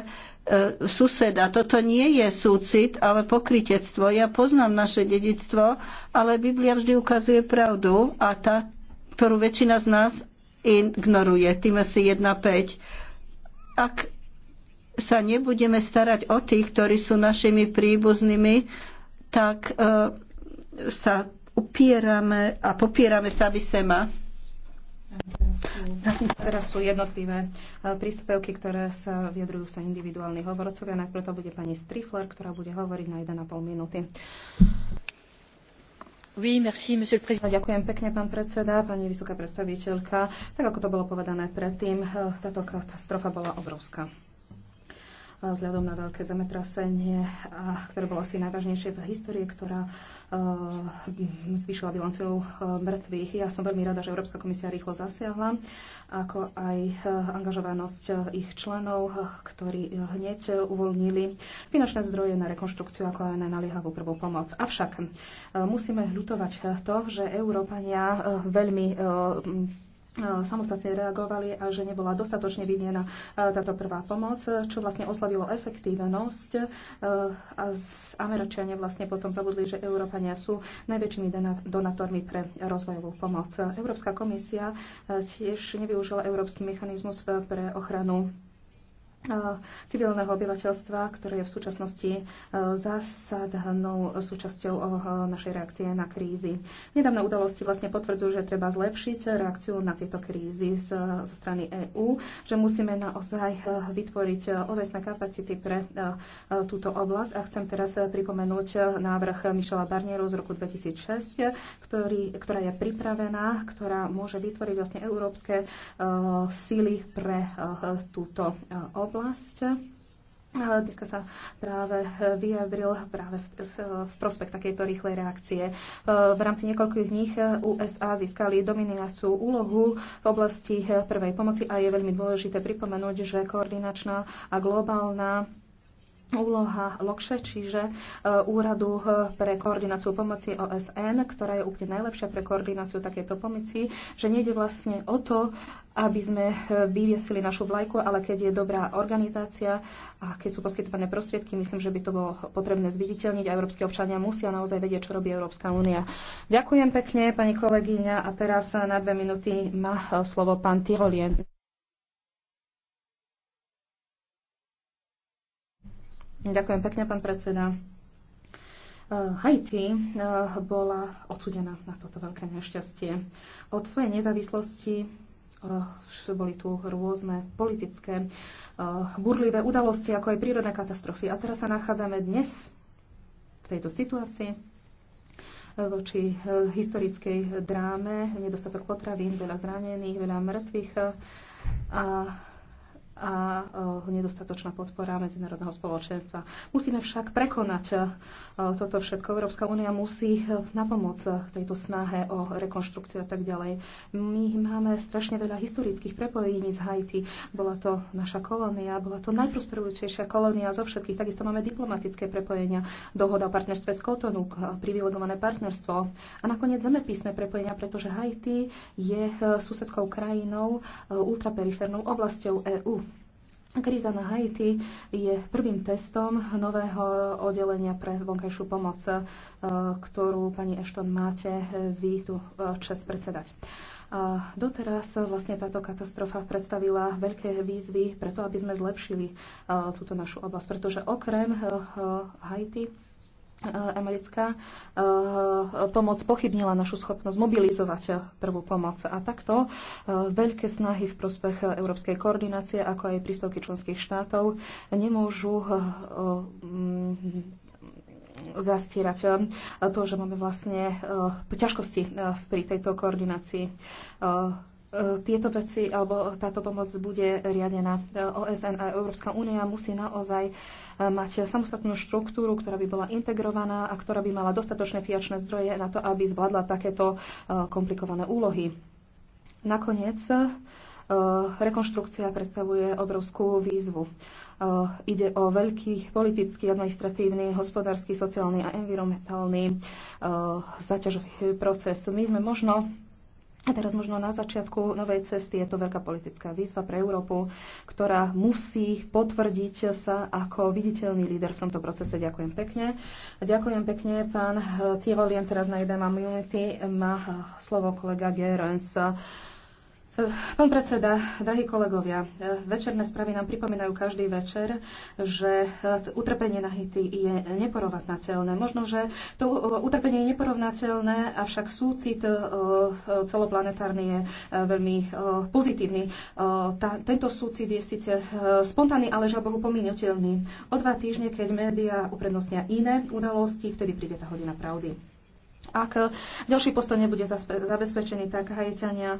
Speaker 3: suseda. Toto nie je súcit, ale pokritectvo. Ja poznám naše dedictvo, ale Biblia vždy ukazuje pravdu a tá, ktorú väčšina z nás ignoruje. Timothy 1.5. Ak sa nebudeme starať o tých, ktorí sú našimi príbuznými, tak uh, sa upierame a popierame sami sema.
Speaker 1: Teraz sú, teraz sú jednotlivé e, príspevky, ktoré sa vyjadrujú sa individuálnych hovorcovia. Najprv to bude pani Strifler, ktorá bude hovoriť na 1,5 minúty. Ďakujem pekne, pán predseda, pani vysoká predstaviteľka. Tak ako to bolo povedané predtým, eh, táto katastrofa bola obrovská vzhľadom na veľké zemetrasenie, ktoré bolo asi najvážnejšie v histórii, ktorá e, zvyšila bilanciou e, mŕtvych. Ja som veľmi rada, že Európska komisia rýchlo zasiahla, ako aj e, angažovanosť ich členov, ktorí hneď uvoľnili finančné zdroje na rekonštrukciu, ako aj na naliehavú prvú pomoc. Avšak musíme ľutovať to, že Európania veľmi samostatne reagovali a že nebola dostatočne vyviená e, táto prvá pomoc, čo vlastne oslavilo efektívnosť e, a Američania vlastne potom zabudli, že Európania sú najväčšími donátormi pre rozvojovú pomoc. Európska komisia e, tiež nevyužila európsky mechanizmus pre ochranu Eh, civilného obyvateľstva, ktoré je v súčasnosti eh, zásadnou súčasťou eh, našej reakcie na krízy. Nedávne udalosti vlastne potvrdzujú, že treba zlepšiť reakciu na tieto krízy zo strany EÚ, že musíme naozaj vytvoriť ozajstné kapacity pre túto oblasť. A chcem teraz pripomenúť návrh Michela Barnieru z roku 2006, ktorý, ktorá je pripravená, ktorá môže vytvoriť vlastne európske síly pre túto oblasť oblasť. Ale dneska sa práve vyjadril práve v, v, v prospech takejto rýchlej reakcie. V rámci niekoľkých dní USA získali domináciu úlohu v oblasti prvej pomoci a je veľmi dôležité pripomenúť, že koordinačná a globálna úloha LOKŠE, čiže e, Úradu e, pre koordináciu pomoci OSN, ktorá je úplne najlepšia pre koordináciu takéto pomoci, že nejde vlastne o to, aby sme e, vyviesili našu vlajku, ale keď je dobrá organizácia a keď sú poskytované prostriedky, myslím, že by to bolo potrebné zviditeľniť a európske občania musia naozaj vedieť, čo robí Európska únia. Ďakujem pekne, pani kolegyňa, a teraz na dve minúty má slovo pán Tyrolien. Ďakujem pekne, pán predseda. Eh, Haiti eh, bola odsudená na toto veľké nešťastie. Od svojej nezávislosti eh, boli tu rôzne politické burlivé udalosti, ako aj prírodné katastrofy. A teraz sa nachádzame dnes v tejto situácii voči historickej dráme, nedostatok potravín, veľa zranených, veľa mŕtvych a a e, nedostatočná podpora medzinárodného spoločenstva. Musíme však prekonať e, toto všetko. Európska únia musí e, na pomoc tejto snahe o rekonštrukciu a tak ďalej. My máme strašne veľa historických prepojení z Haiti. Bola to naša kolónia, bola to najprosperujúcejšia kolónia zo všetkých. Takisto máme diplomatické prepojenia, dohoda o partnerstve s Kotonu, privilegované partnerstvo a nakoniec zemepisné prepojenia, pretože Haiti je susedskou krajinou, ultraperifernou oblasťou EÚ. Kríza na Haiti je prvým testom nového oddelenia pre vonkajšiu pomoc, eh, ktorú pani Ashton máte vy tu eh, čas predsedať. A eh, doteraz vlastne táto katastrofa predstavila veľké výzvy preto, aby sme zlepšili túto našu oblasť, pretože okrem Haiti Eh, americká eh, pomoc pochybnila našu schopnosť mobilizovať eh, prvú pomoc. A takto veľké snahy v prospech európskej koordinácie, ako aj príspevky členských štátov, nemôžu zastierať to, že máme vlastne ťažkosti pri tejto koordinácii tieto veci alebo táto pomoc bude riadená. OSN a Európska únia musí naozaj e, mať samostatnú štruktúru, ktorá by bola integrovaná a ktorá by mala dostatočné finančné zdroje na to, aby zvládla takéto e, komplikované úlohy. Nakoniec e, rekonštrukcia predstavuje obrovskú výzvu. Ide o veľký politický, administratívny, hospodársky, sociálny a environmentálny zaťažový proces. My sme možno a teraz možno na začiatku novej cesty je to veľká politická výzva pre Európu, ktorá musí potvrdiť sa ako viditeľný líder v tomto procese. Ďakujem pekne. Ďakujem pekne, pán Tivolien. Teraz na 1 minúty má slovo kolega Gerens. Pán predseda, drahí kolegovia, večerné správy nám pripomínajú každý večer, že utrpenie na Haiti je neporovnateľné. Možno, že to utrpenie je neporovnateľné, avšak súcit e, celoplanetárny je e, veľmi e, pozitívny. Tento súcit je síce spontánny, ale žiaľ Bohu pominuteľný. O dva týždne, keď médiá uprednostnia iné udalosti, vtedy príde tá hodina pravdy. Ak e, ďalší postoj nebude zabezpečený, tak Hajiťania e,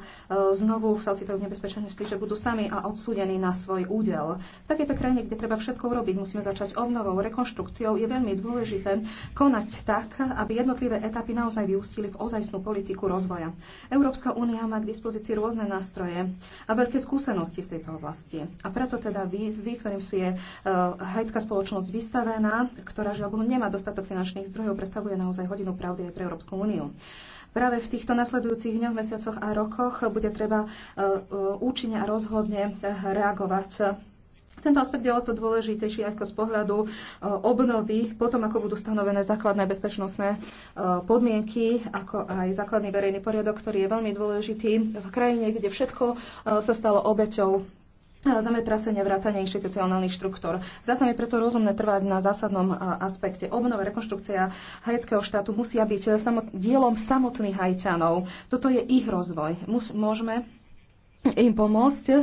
Speaker 1: znovu v sa ocitajú v nebezpečnosti, že budú sami a odsúdení na svoj údel. V takejto krajine, kde treba všetko urobiť, musíme začať obnovou, rekonštrukciou, je veľmi dôležité konať tak, aby jednotlivé etapy naozaj vyústili v ozajstnú politiku rozvoja. Európska únia má k dispozícii rôzne nástroje a veľké skúsenosti v tejto oblasti. A preto teda výzvy, ktorým si je e, haitská spoločnosť vystavená, ktorá žiaľ nemá dostatok finančných zdrojov, predstavuje naozaj hodinu pravdy aj pre Európsku úniu. Práve v týchto nasledujúcich dňoch, mesiacoch a rokoch bude treba e, e, účinne a rozhodne reagovať tento aspekt je o to dôležitejší ako z pohľadu e, obnovy, potom ako budú stanovené základné bezpečnostné podmienky, ako aj základný verejný poriadok, ktorý je veľmi dôležitý v krajine, kde všetko sa stalo obeťou zemetrasenia, vrátania inštitucionálnych štruktúr. Zase mi preto rozumné trvať na zásadnom aspekte. Obnova, rekonštrukcia haitského štátu musia byť e, samot, dielom samotných hajťanov. Toto je ich rozvoj. Mus, môžeme im pomôcť e,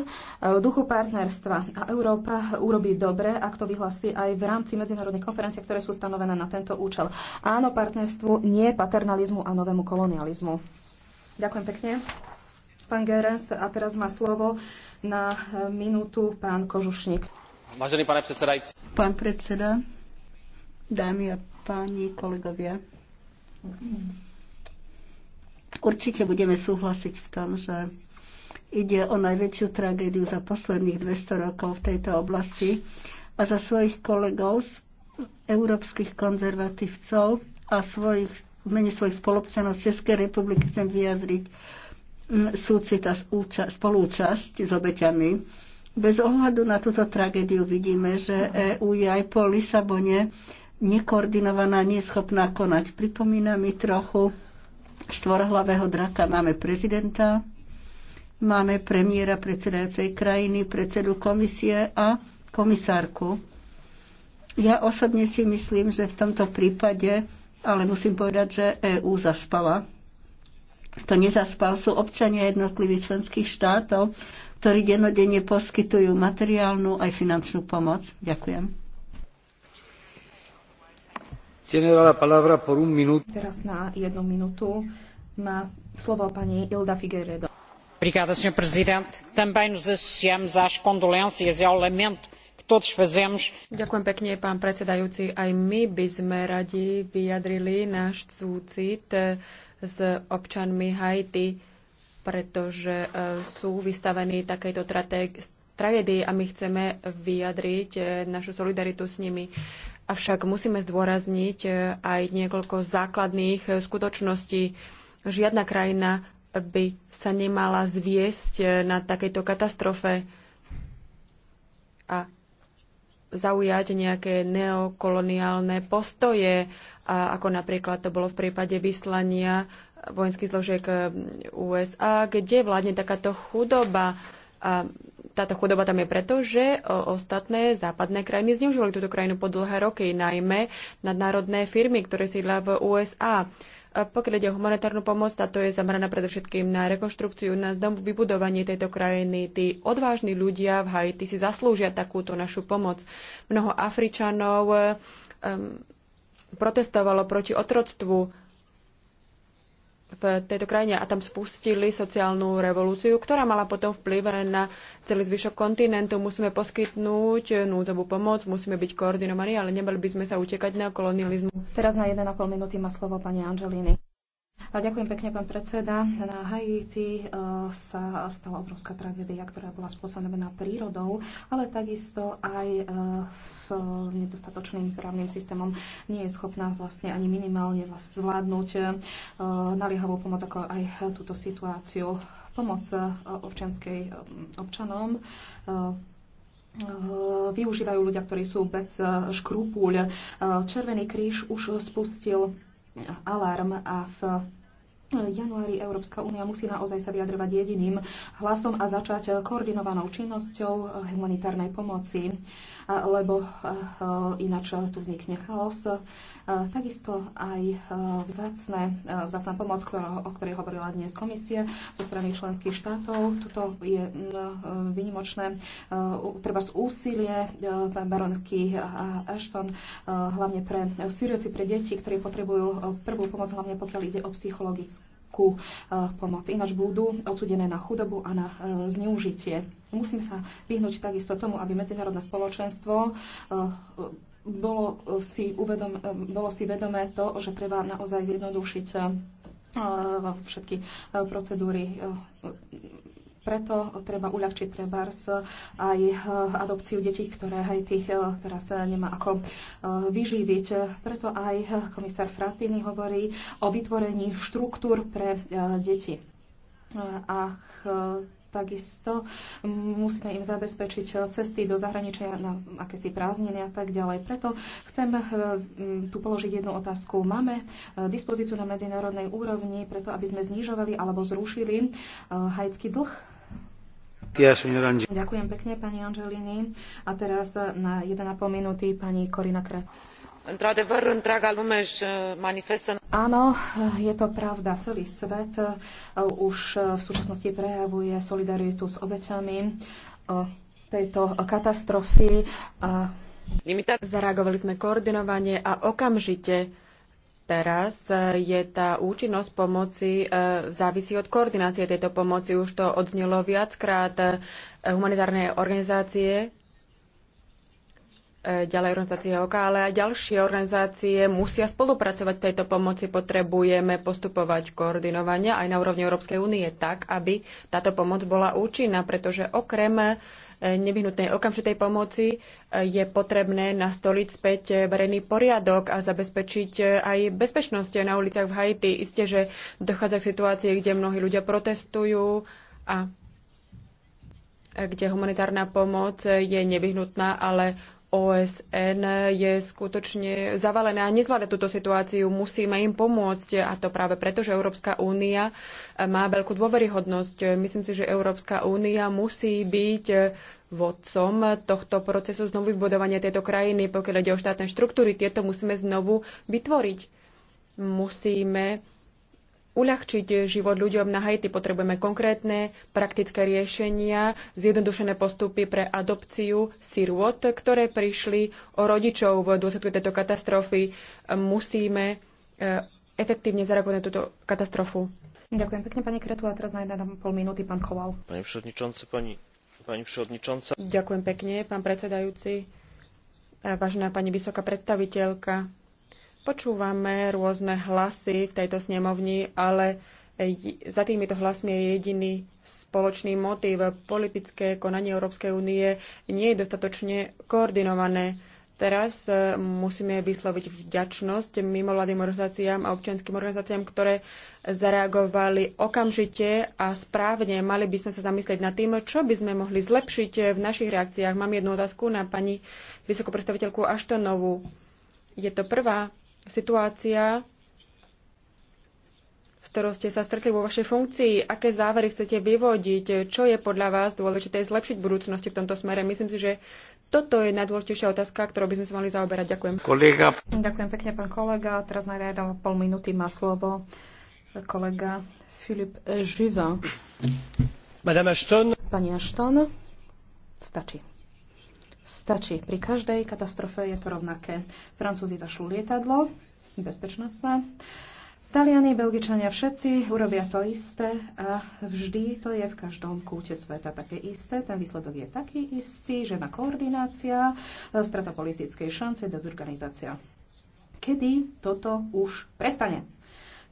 Speaker 1: v duchu partnerstva. A Európa urobí dobre, ak to vyhlasí aj v rámci medzinárodných konferencií, ktoré sú stanovené na tento účel. Áno, partnerstvu, nie paternalizmu a novému kolonializmu. Ďakujem pekne. Pán Gerens, a teraz má slovo na eh, minútu
Speaker 3: pán Kožušník.
Speaker 1: Vážený pane predsedajúci. Pán
Speaker 3: predseda, dámy a páni kolegovia. Určite budeme súhlasiť v tom, že ide o najväčšiu tragédiu za posledných 200 rokov v tejto oblasti a za svojich kolegov z európskych konzervatívcov a svojich, v mene svojich spolupčanov z Českej republiky chcem vyjazriť Mm, súcita, spolúčasť s obeťami. Bez ohľadu na túto tragédiu vidíme, že EÚ je aj po Lisabone nekoordinovaná, neschopná konať. Pripomína mi trochu štvorhlavého draka. Máme prezidenta, máme premiéra predsedajúcej krajiny, predsedu komisie a komisárku. Ja osobne si myslím, že v tomto prípade, ale musím povedať, že EÚ zaspala to nezaspal, sú občania jednotlivých členských štátov, ktorí denodenne poskytujú materiálnu aj finančnú pomoc. Ďakujem.
Speaker 1: Teraz na jednu minútu má slovo pani Ilda Figueredo. Obrigada, Sr. Presidente. Também nos associamos às
Speaker 2: condolências e ao lamento que todos fazemos. Ďakujem pekne, pán predsedajúci. Aj my by sme radi vyjadrili náš súcit uh, s občanmi Haiti, pretože e, sú vystavení takejto tragédii a my chceme vyjadriť e, našu solidaritu s nimi. Avšak musíme zdôrazniť e, aj niekoľko základných skutočností. Žiadna krajina by sa nemala zviesť na takejto katastrofe a zaujať nejaké neokoloniálne postoje a ako napríklad to bolo v prípade vyslania vojenských zložiek eh, USA, kde vládne takáto chudoba. A táto chudoba tam je preto, že eh, ostatné západné krajiny zneužívali túto krajinu po dlhé roky, najmä nadnárodné firmy, ktoré sídla v USA. Pokiaľ ide o humanitárnu pomoc, táto je zameraná predovšetkým na rekonštrukciu, na vybudovanie tejto krajiny. Tí odvážni ľudia v Haiti si zaslúžia takúto našu pomoc. Mnoho Afričanov um, protestovalo proti otroctvu v tejto krajine a tam spustili sociálnu revolúciu, ktorá mala potom vplyv na celý zvyšok kontinentu. Musíme poskytnúť núdzovú pomoc, musíme byť koordinovaní, ale nemali by sme sa utekať na kolonializmu.
Speaker 1: Teraz na 1,5 minúty má slovo pani Angelini. A ďakujem pekne, pán predseda. Na Haiti e, sa stala obrovská tragédia, ktorá bola spôsobená prírodou, ale takisto aj e, v nedostatočným právnym systémom nie je schopná vlastne ani minimálne zvládnuť e, naliehavú pomoc, ako aj túto situáciu. Pomoc občanskej občanom využívajú ľudia, ktorí sú bez škrupúľ. Červený kríž už spustil alarm a v januári Európska únia musí naozaj sa vyjadrovať jediným hlasom a začať koordinovanou činnosťou humanitárnej pomoci lebo eh, eh, ináč tu vznikne chaos. Eh, takisto aj vzácne, vzácna pomoc, ktorá, o ktorej hovorila dnes komisie zo strany členských štátov. Tuto je mm, vynimočné treba z úsilie baronky Ashton, hlavne pre syrioty, pre deti, ktorí potrebujú prvú pomoc, hlavne pokiaľ ide o psychologickú ku e, pomoci. Ináč budú odsudené na chudobu a na e, zneužitie. Musíme sa vyhnúť takisto tomu, aby medzinárodné spoločenstvo e, bolo si, uvedom, bolo si vedomé to, že treba naozaj zjednodušiť všetky procedúry preto treba uľahčiť trebárs aj eh, adopciu detí, ktoré aj tých eh, teraz nemá ako eh, vyživiť. Preto aj komisár Fratini hovorí o vytvorení štruktúr pre deti. A takisto musíme im zabezpečiť cesty do zahraničia na akési prázdniny a tak ďalej. Preto chcem tu položiť jednu otázku. Máme dispozíciu na medzinárodnej úrovni, preto aby sme znižovali alebo zrušili hajcký dlh
Speaker 3: Ďakujem
Speaker 1: pekne, pani Angelini. A teraz na 1,5 minúty pani Korina Kret. Uh, Áno, je to pravda. Celý svet uh, už uh, v súčasnosti prejavuje solidaritu s obeťami tejto katastrofy. Zareagovali sme koordinovane a
Speaker 2: okamžite Teraz e, je tá účinnosť pomoci e, závisí od koordinácie tejto pomoci. Už to odznelo viackrát e, humanitárne organizácie, ďalej organizácie OK, ale aj ďalšie organizácie musia spolupracovať v tejto pomoci. Potrebujeme postupovať koordinovania aj na úrovni Európskej únie tak, aby táto pomoc bola účinná, pretože okrem nevyhnutnej okamžitej pomoci je potrebné nastoliť späť verejný poriadok a zabezpečiť aj bezpečnosť na uliciach v Haiti. Isté, že dochádza k situácii, kde mnohí ľudia protestujú a kde humanitárna pomoc je nevyhnutná, ale OSN je skutočne zavalená a nezvláda túto situáciu. Musíme im pomôcť a to práve preto, že Európska únia eh, má veľkú dôveryhodnosť. Myslím si, že Európska únia musí byť eh, vodcom tohto procesu znovu vybudovania tejto krajiny, pokiaľ ide o štátne štruktúry. Tieto musíme znovu vytvoriť. Musíme uľahčiť život ľuďom na Haiti. Potrebujeme konkrétne praktické riešenia, zjednodušené postupy pre adopciu sirot, ktoré prišli o rodičov v dôsledku tejto katastrofy. Musíme eh, efektívne zareagovať na túto katastrofu. Ďakujem pekne, pani Kretu. A teraz na pol minúty pán choval.
Speaker 1: Pani przewodniczący, pani, pani przewodnicząca.
Speaker 2: Ďakujem pekne, pán predsedajúci. Vážená pani vysoká predstaviteľka, Počúvame rôzne hlasy v tejto snemovni, ale za týmito hlasmi je jediný spoločný motív. Politické konanie Európskej únie nie je dostatočne koordinované. Teraz e, musíme vysloviť vďačnosť mimovládnym organizáciám a občianským organizáciám, ktoré zareagovali okamžite a správne. Mali by sme sa zamyslieť nad tým, čo by sme mohli zlepšiť v našich reakciách. Mám jednu otázku na pani vysokopredstaviteľku Aštonovú. Je to prvá situácia, s ktorou ste sa stretli vo vašej funkcii, aké závery chcete vyvodiť, čo je podľa vás dôležité zlepšiť v budúcnosti v tomto smere. Myslím si, že toto je najdôležitejšia otázka, ktorou by sme sa mali zaoberať. Ďakujem. Kolega. Ďakujem pekne,
Speaker 1: pán kolega. Teraz najmä pol minúty má slovo kolega Filip Živa. Madame Ashton. Pani Ashton, stačí stačí. Pri každej katastrofe je to rovnaké. Francúzi zašlú lietadlo, bezpečnostné. Taliani, Belgičania, všetci urobia to isté a vždy to je v každom kúte sveta také isté. Ten výsledok je taký istý, že na koordinácia, strata politickej šance, dezorganizácia. Kedy toto už prestane?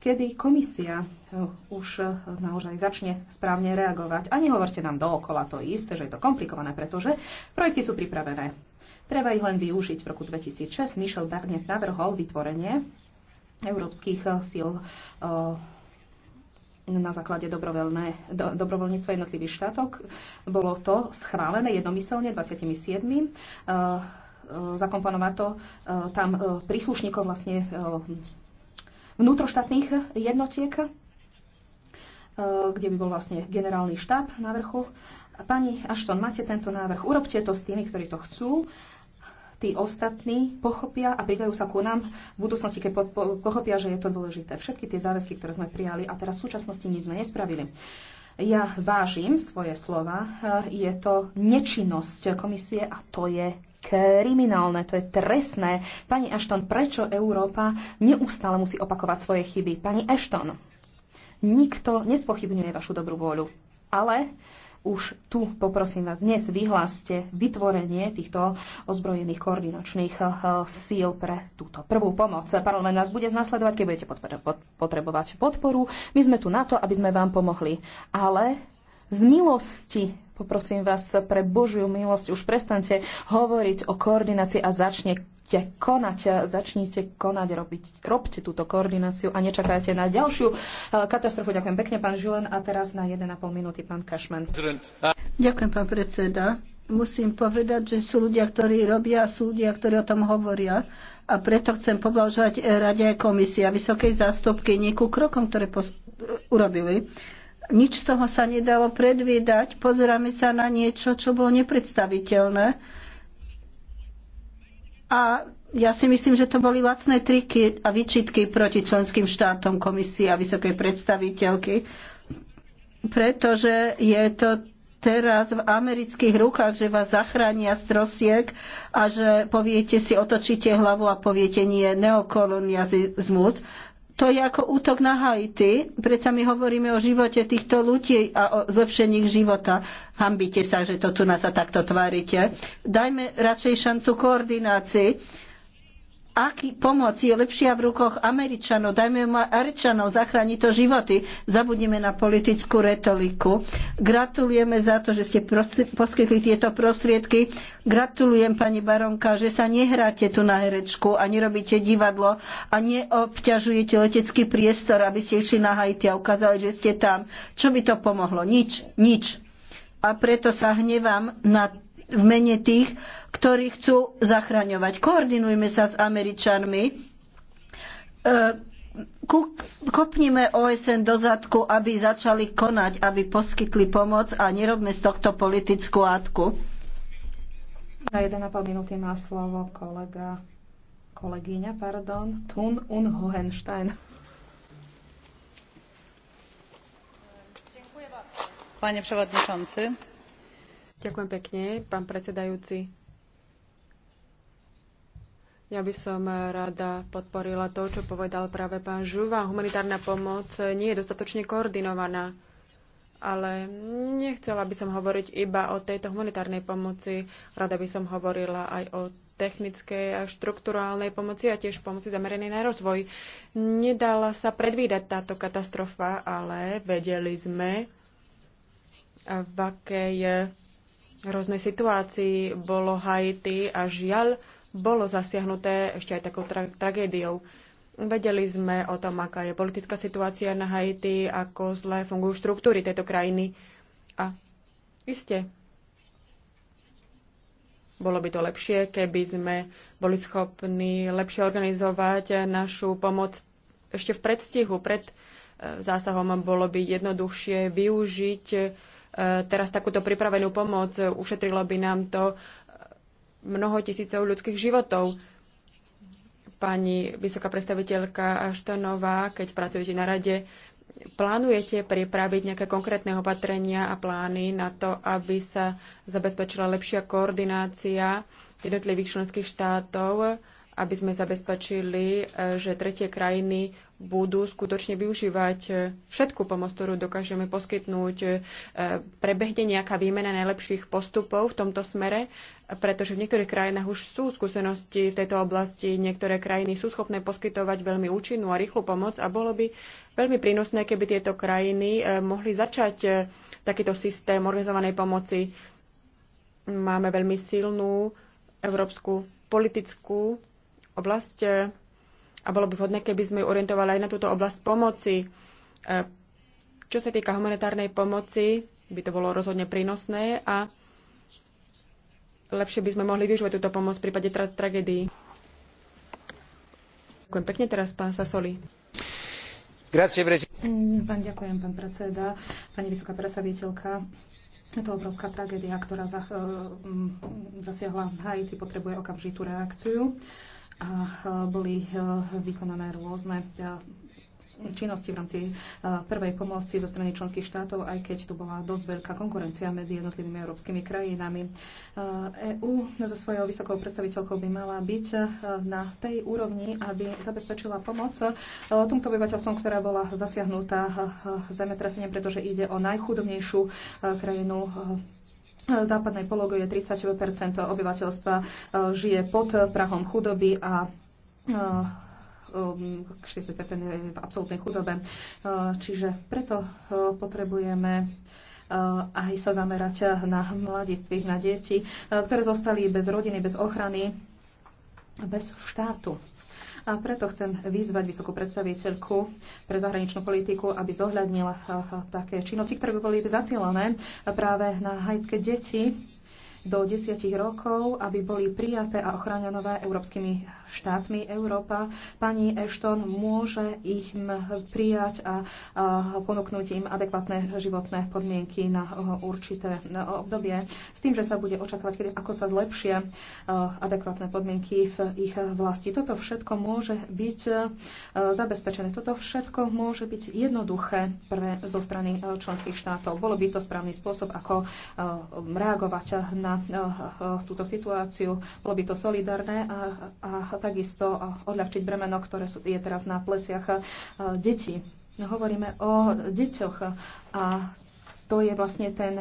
Speaker 1: kedy komisia eh, už eh, naozaj začne správne reagovať. A nehovorte nám dookola to isté, že je to komplikované, pretože projekty sú pripravené. Treba ich len využiť. V roku 2006 Michel Barnier navrhol vytvorenie európskych eh, síl na základe dobrovoľné, do, dobrovoľníctva jednotlivých štátok. Bolo to schválené jednomyselne 27 zakomponovať to tam príslušníkov vlastne vnútroštátnych jednotiek, e, kde by bol vlastne generálny štáb na vrchu. Pani Ashton, máte tento návrh, urobte to s tými, ktorí to chcú. Tí ostatní pochopia a pridajú sa ku nám v budúcnosti, keď pochopia, že je to dôležité. Všetky tie záväzky, ktoré sme prijali a teraz v súčasnosti nič sme nespravili. Ja vážim svoje slova. E, je to nečinnosť komisie a to je kriminálne, to je trestné. Pani Ashton, prečo Európa neustále musí opakovať svoje chyby? Pani Ashton, nikto nespochybňuje vašu dobrú vôľu, ale už tu poprosím vás dnes vyhláste vytvorenie týchto ozbrojených koordinačných eh, síl pre túto prvú pomoc. Parlament nás bude znasledovať, keď budete potrebovať podporu. My sme tu na to, aby sme vám pomohli. Ale z milosti poprosím vás pre Božiu milosť, už prestante hovoriť o koordinácii a začnete konať, začnite konať, robiť, robte túto koordináciu a nečakajte na ďalšiu eh, katastrofu. Ďakujem pekne, pán Žilen.
Speaker 3: A teraz na 1,5 minúty, pán Kašman. Ďakujem, pán predseda musím povedať, že sú ľudia, ktorí robia a sú ľudia, ktorí o tom hovoria. A preto chcem poblahožovať eh, Rade komisie a vysokej zástupky nieku krokom, ktoré eh, urobili. Nič z toho sa nedalo predvídať. Pozeráme sa na niečo, čo bolo nepredstaviteľné. A ja si myslím, že to boli lacné triky a výčitky proti členským štátom komisie a vysokej predstaviteľky, pretože je to teraz v amerických rukách, že vás zachránia z trosiek a že poviete si, otočíte hlavu a poviete nie neokolonializmus. To je ako útok na Haiti. Predsa my hovoríme o živote týchto ľudí a o zlepšení ich života. Hambite sa, že to tu nás sa takto tvárite. Dajme radšej šancu koordinácii aký pomoc je lepšia v rukoch Američanov. Dajme Američanov, zachráni to životy. Zabudnime na politickú retoriku. Gratulujeme za to, že ste poskytli tieto prostriedky. Gratulujem pani Baronka, že sa nehráte tu na herečku a nerobíte divadlo a neobťažujete letecký priestor, aby ste išli na Haiti a ukázali, že ste tam. Čo by to pomohlo? Nič, nič. A preto sa hnevám na v mene tých, ktorí chcú zachraňovať. Koordinujme sa s Američanmi. E, kopnime OSN do zadku, aby začali konať, aby poskytli pomoc a nerobme z tohto politickú átku.
Speaker 1: Na 1,5 minúty má slovo kolega, kolegyňa, pardon, Thun un Hohenstein. Panie przewodniczący, Ďakujem pekne, pán
Speaker 2: predsedajúci. Ja by som rada podporila to, čo povedal práve pán Žuva. Humanitárna pomoc nie je dostatočne koordinovaná. Ale nechcela by som hovoriť iba o tejto humanitárnej pomoci. Rada by som hovorila aj o technickej a štruktúrálnej pomoci a tiež pomoci zameranej na rozvoj. Nedala sa predvídať táto katastrofa, ale vedeli sme, v akej hroznej situácii bolo Haiti a žiaľ bolo zasiahnuté ešte aj takou tra- tragédiou. Vedeli sme o tom, aká je politická situácia na Haiti, ako zle fungujú štruktúry tejto krajiny. A iste, bolo by to lepšie, keby sme boli schopní lepšie organizovať našu pomoc ešte v predstihu, pred e, zásahom bolo by jednoduchšie využiť teraz takúto pripravenú pomoc. Ušetrilo by nám to mnoho tisícov ľudských životov. Pani vysoká predstaviteľka Aštonová, keď pracujete na rade, plánujete pripraviť nejaké konkrétne opatrenia a plány na to, aby sa zabezpečila lepšia koordinácia jednotlivých členských štátov aby sme zabezpečili, e, že tretie krajiny budú skutočne využívať e, všetku pomoc, ktorú dokážeme poskytnúť. E, prebehne nejaká výmena najlepších postupov v tomto smere, pretože v niektorých krajinách už sú skúsenosti v tejto oblasti. Niektoré krajiny sú schopné poskytovať veľmi účinnú a rýchlu pomoc a bolo by veľmi prínosné, keby tieto krajiny mohli začať takýto systém organizovanej pomoci. Máme veľmi silnú európsku politickú oblasť a bolo by vhodné, keby sme ju orientovali aj na túto oblasť pomoci. E, čo sa týka humanitárnej pomoci, by to bolo rozhodne prínosné a lepšie by sme mohli využívať túto pomoc v prípade tra- tragédií.
Speaker 1: Ďakujem pekne teraz, pán Sasoli. Grazie, mm, pán, ďakujem, pán predseda. Pani vysoká predstaviteľka, je to obrovská tragédia, ktorá e, zasiahla Haiti, potrebuje okamžitú reakciu a boli e, vykonané rôzne e, činnosti v rámci e, prvej pomoci zo strany členských štátov, aj keď tu bola dosť veľká konkurencia medzi jednotlivými európskymi krajinami. EÚ so svojou vysokou predstaviteľkou by mala byť na tej úrovni, aby zabezpečila pomoc týmto obyvateľstvom, ktorá bola zasiahnutá zemetrasením, pretože ide o najchudobnejšiu krajinu západnej pologe 36 obyvateľstva e, žije pod prahom chudoby a 40 e, e, je v absolútnej chudobe. Čiže preto potrebujeme aj sa zamerať na mladistvých, na deti, ktoré zostali bez rodiny, bez ochrany, bez štátu. A preto chcem vyzvať vysokú predstaviteľku pre zahraničnú politiku, aby zohľadnila také činnosti, ktoré by boli zacielané práve na hajské deti do 10 rokov, aby boli prijaté a ochraňanové európskymi štátmi Európa. Pani Ashton môže ich prijať a, a ponúknuť im adekvátne životné podmienky na určité obdobie, s tým, že sa bude očakávať, kedy, ako sa zlepšia adekvátne podmienky v ich vlasti. Toto všetko môže byť zabezpečené. Toto všetko môže byť jednoduché pre, zo strany členských štátov. Bolo by to správny spôsob, ako reagovať na Eh, eh, túto situáciu. Bolo by to solidárne a, a takisto odľahčiť bremeno, ktoré sú, je teraz na pleciach eh, detí. No, hovoríme o deťoch a to je vlastne ten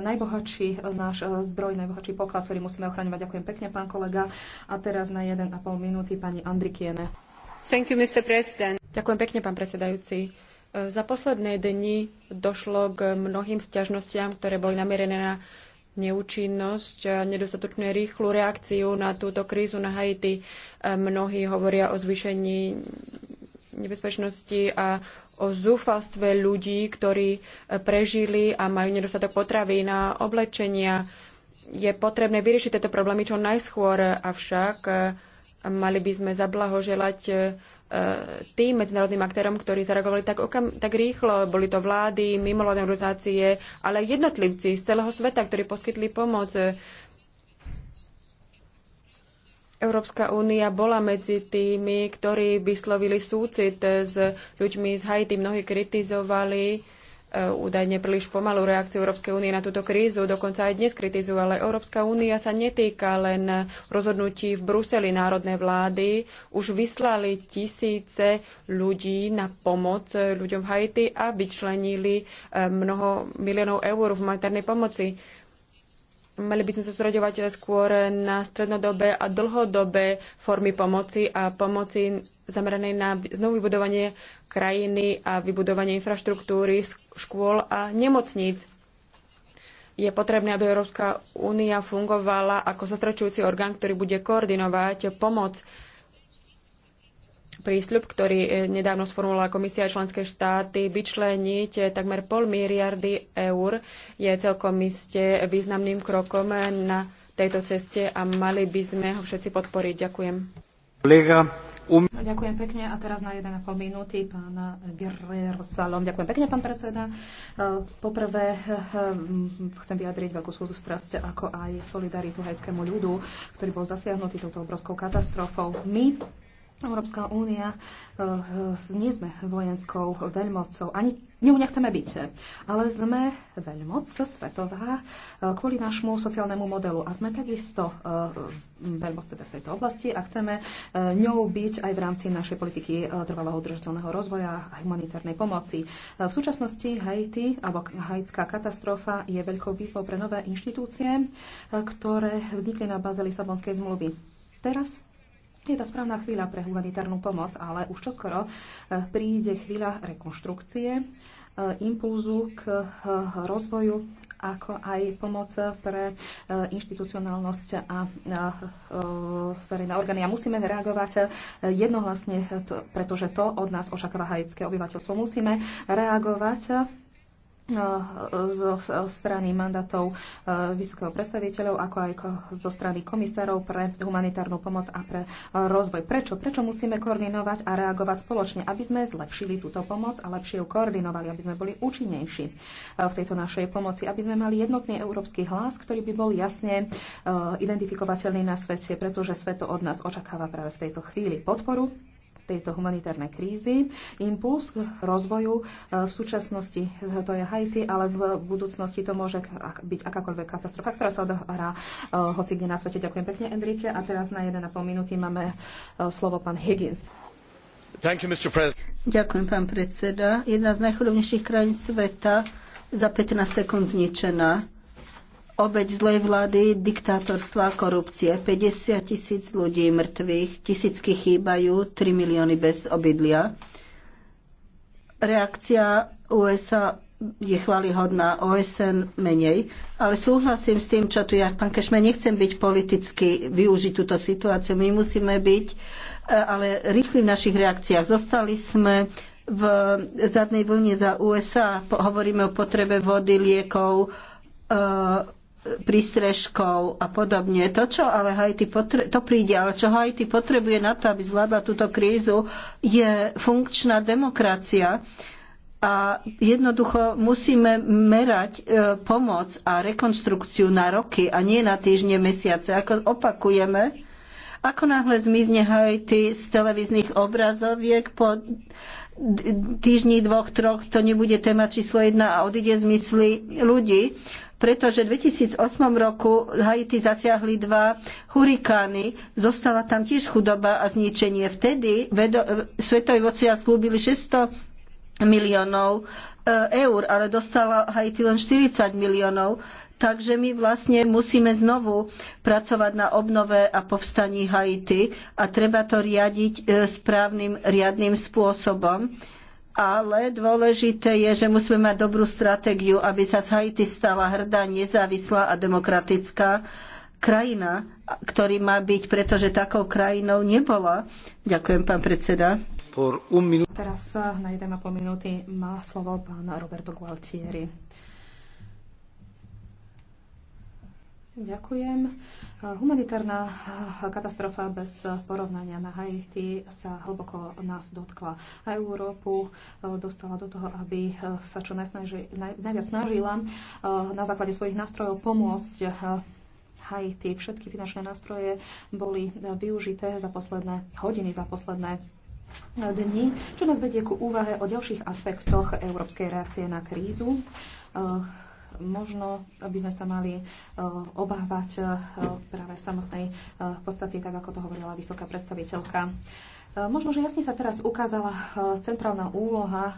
Speaker 1: najbohatší náš zdroj, najbohatší poklad, ktorý musíme ochraňovať. Ďakujem pekne, pán kolega. A teraz na 1,5 minúty pani Andrikiene. Thank you, Mr. President. Ďakujem pekne, pán predsedajúci. Za posledné dni
Speaker 2: došlo k mnohým stiažnostiam, ktoré boli namierené na neúčinnosť nedostatočne rýchlu reakciu na túto krízu na Haiti. E, mnohí hovoria o zvýšení nebezpečnosti a o zúfalstve ľudí, ktorí e, prežili a majú nedostatok potravy na oblečenia. Je potrebné vyriešiť tieto problémy čo najskôr, avšak e, mali by sme zablahoželať E, tým medzinárodným aktérom, ktorí zareagovali tak, okam, tak rýchlo. Boli to vlády, mimovládne organizácie, ale aj jednotlivci z celého sveta, ktorí poskytli pomoc. Európska únia bola medzi tými, ktorí vyslovili súcit s ľuďmi z Haiti. Mnohí kritizovali Eh, údajne príliš pomalú reakciu Európskej únie na túto krízu. Dokonca aj dnes kritizujú, ale Európska únia sa netýka len rozhodnutí v Bruseli národnej vlády. Už vyslali tisíce ľudí na pomoc ľuďom v Haiti a vyčlenili eh, mnoho miliónov eur v humanitárnej pomoci mali by sme sa sústredovať skôr na strednodobé a dlhodobé formy pomoci a pomoci zameranej na znovu vybudovanie krajiny a vybudovanie infraštruktúry, škôl a nemocníc. Je potrebné, aby Európska únia fungovala ako zastrečujúci orgán, ktorý bude koordinovať pomoc prísľub, ktorý e, nedávno sformulovala komisia členské štáty, vyčleniť e, takmer pol miliardy eur je celkom iste významným krokom na tejto
Speaker 1: ceste a mali by sme ho všetci podporiť. Ďakujem. Kolega. Um... No, ďakujem pekne a teraz na 1,5 minúty pána Guerrero Salom. Ďakujem pekne, pán predseda. E, poprvé e, e, chcem vyjadriť veľkú sústrasť ako aj solidaritu hajskému ľudu, ktorý bol zasiahnutý touto obrovskou katastrofou. My Európska únia, eh, nie sme vojenskou veľmocou, ani ňou nechceme byť, ale sme veľmoc svetová eh, kvôli nášmu sociálnemu modelu a sme takisto eh, veľmoc v tejto oblasti a chceme ňou byť aj v rámci našej politiky trvalého udržateľného rozvoja a humanitárnej pomoci. V súčasnosti Haiti alebo haitská katastrofa je veľkou výzvou pre nové inštitúcie, ktoré vznikli na báze Lisabonskej zmluvy. Teraz je tá správna chvíľa pre humanitárnu pomoc, ale už čoskoro eh, príde chvíľa rekonštrukcie, eh, impulzu k eh, rozvoju, ako aj pomoc pre inštitucionálnosť a verejné orgány. A musíme reagovať jednohlasne, pretože to od nás očakáva haitské obyvateľstvo. Musíme reagovať Eh, zo strany mandátov eh, vysokého predstaviteľov, ako aj zo strany komisárov pre humanitárnu pomoc a pre eh, rozvoj. Prečo? Prečo musíme koordinovať a reagovať spoločne, aby sme zlepšili túto pomoc a lepšie ju koordinovali, aby sme boli účinnejší v tejto našej pomoci, aby sme mali jednotný európsky hlas, ktorý by bol jasne identifikovateľný na svete, pretože svet to od nás očakáva práve v tejto chvíli podporu tejto humanitárnej krízy impuls k rozvoju e, v súčasnosti to je Haiti, ale v budúcnosti to môže byť akákoľvek katastrofa, ktorá sa odohrá e, hoci kde na svete. Ďakujem pekne, Enrique. A teraz na 1,5 minúty máme e, slovo pán Higgins. You,
Speaker 3: Ďakujem, pán predseda. Jedna z najchudobnejších krajín sveta za 15 sekúnd zničená obeď zlej vlády, diktátorstva a korupcie. 50 tisíc ľudí mŕtvych, tisícky chýbajú, 3 milióny bez obydlia. Reakcia USA je chválihodná, OSN menej, ale súhlasím s tým, čo tu ja, pán Kešme, nechcem byť politicky, využiť túto situáciu. My musíme byť, e, ale rýchli v našich reakciách. Zostali sme v zadnej vlne za USA, hovoríme o potrebe vody, liekov, e, prístrežkov a podobne. To, čo ale Haiti potre- to príde, ale čo Haiti potrebuje na to, aby zvládla túto krízu, je funkčná demokracia. A jednoducho musíme merať e, pomoc a rekonstrukciu na roky a nie na týždne, mesiace. Ako opakujeme, ako náhle zmizne Haiti z televíznych obrazoviek po týždni, dvoch, troch, to nebude téma číslo jedna a odíde z mysli ľudí pretože v 2008 roku Haiti zasiahli dva hurikány, zostala tam tiež chudoba a zničenie. Vtedy vedo, svetoví vocia slúbili 600 miliónov eh, eur, ale dostala Haiti len 40 miliónov. Takže my vlastne musíme znovu pracovať na obnove a povstaní Haiti a treba to riadiť eh, správnym riadnym spôsobom ale dôležité je, že musíme mať dobrú stratégiu, aby sa z Haiti stala hrdá, nezávislá a demokratická krajina, ktorý má byť, pretože takou krajinou nebola. Ďakujem, pán predseda. Teraz
Speaker 1: na 1,5 minúty
Speaker 3: má slovo pán Roberto Gualtieri.
Speaker 1: Ďakujem. Humanitárna katastrofa bez porovnania na Haiti sa hlboko nás dotkla. A Európu e, dostala do toho, aby e, sa čo najviac snažila e, na základe svojich nástrojov pomôcť Haiti. Všetky finančné nástroje boli využité za posledné hodiny, za posledné dni, čo nás vedie ku úvahe o ďalších aspektoch európskej reakcie na krízu možno by sme sa mali eh, obávať eh, práve samotnej eh, podstaty, tak ako to hovorila vysoká predstaviteľka. Možno, že jasne sa teraz ukázala centrálna úloha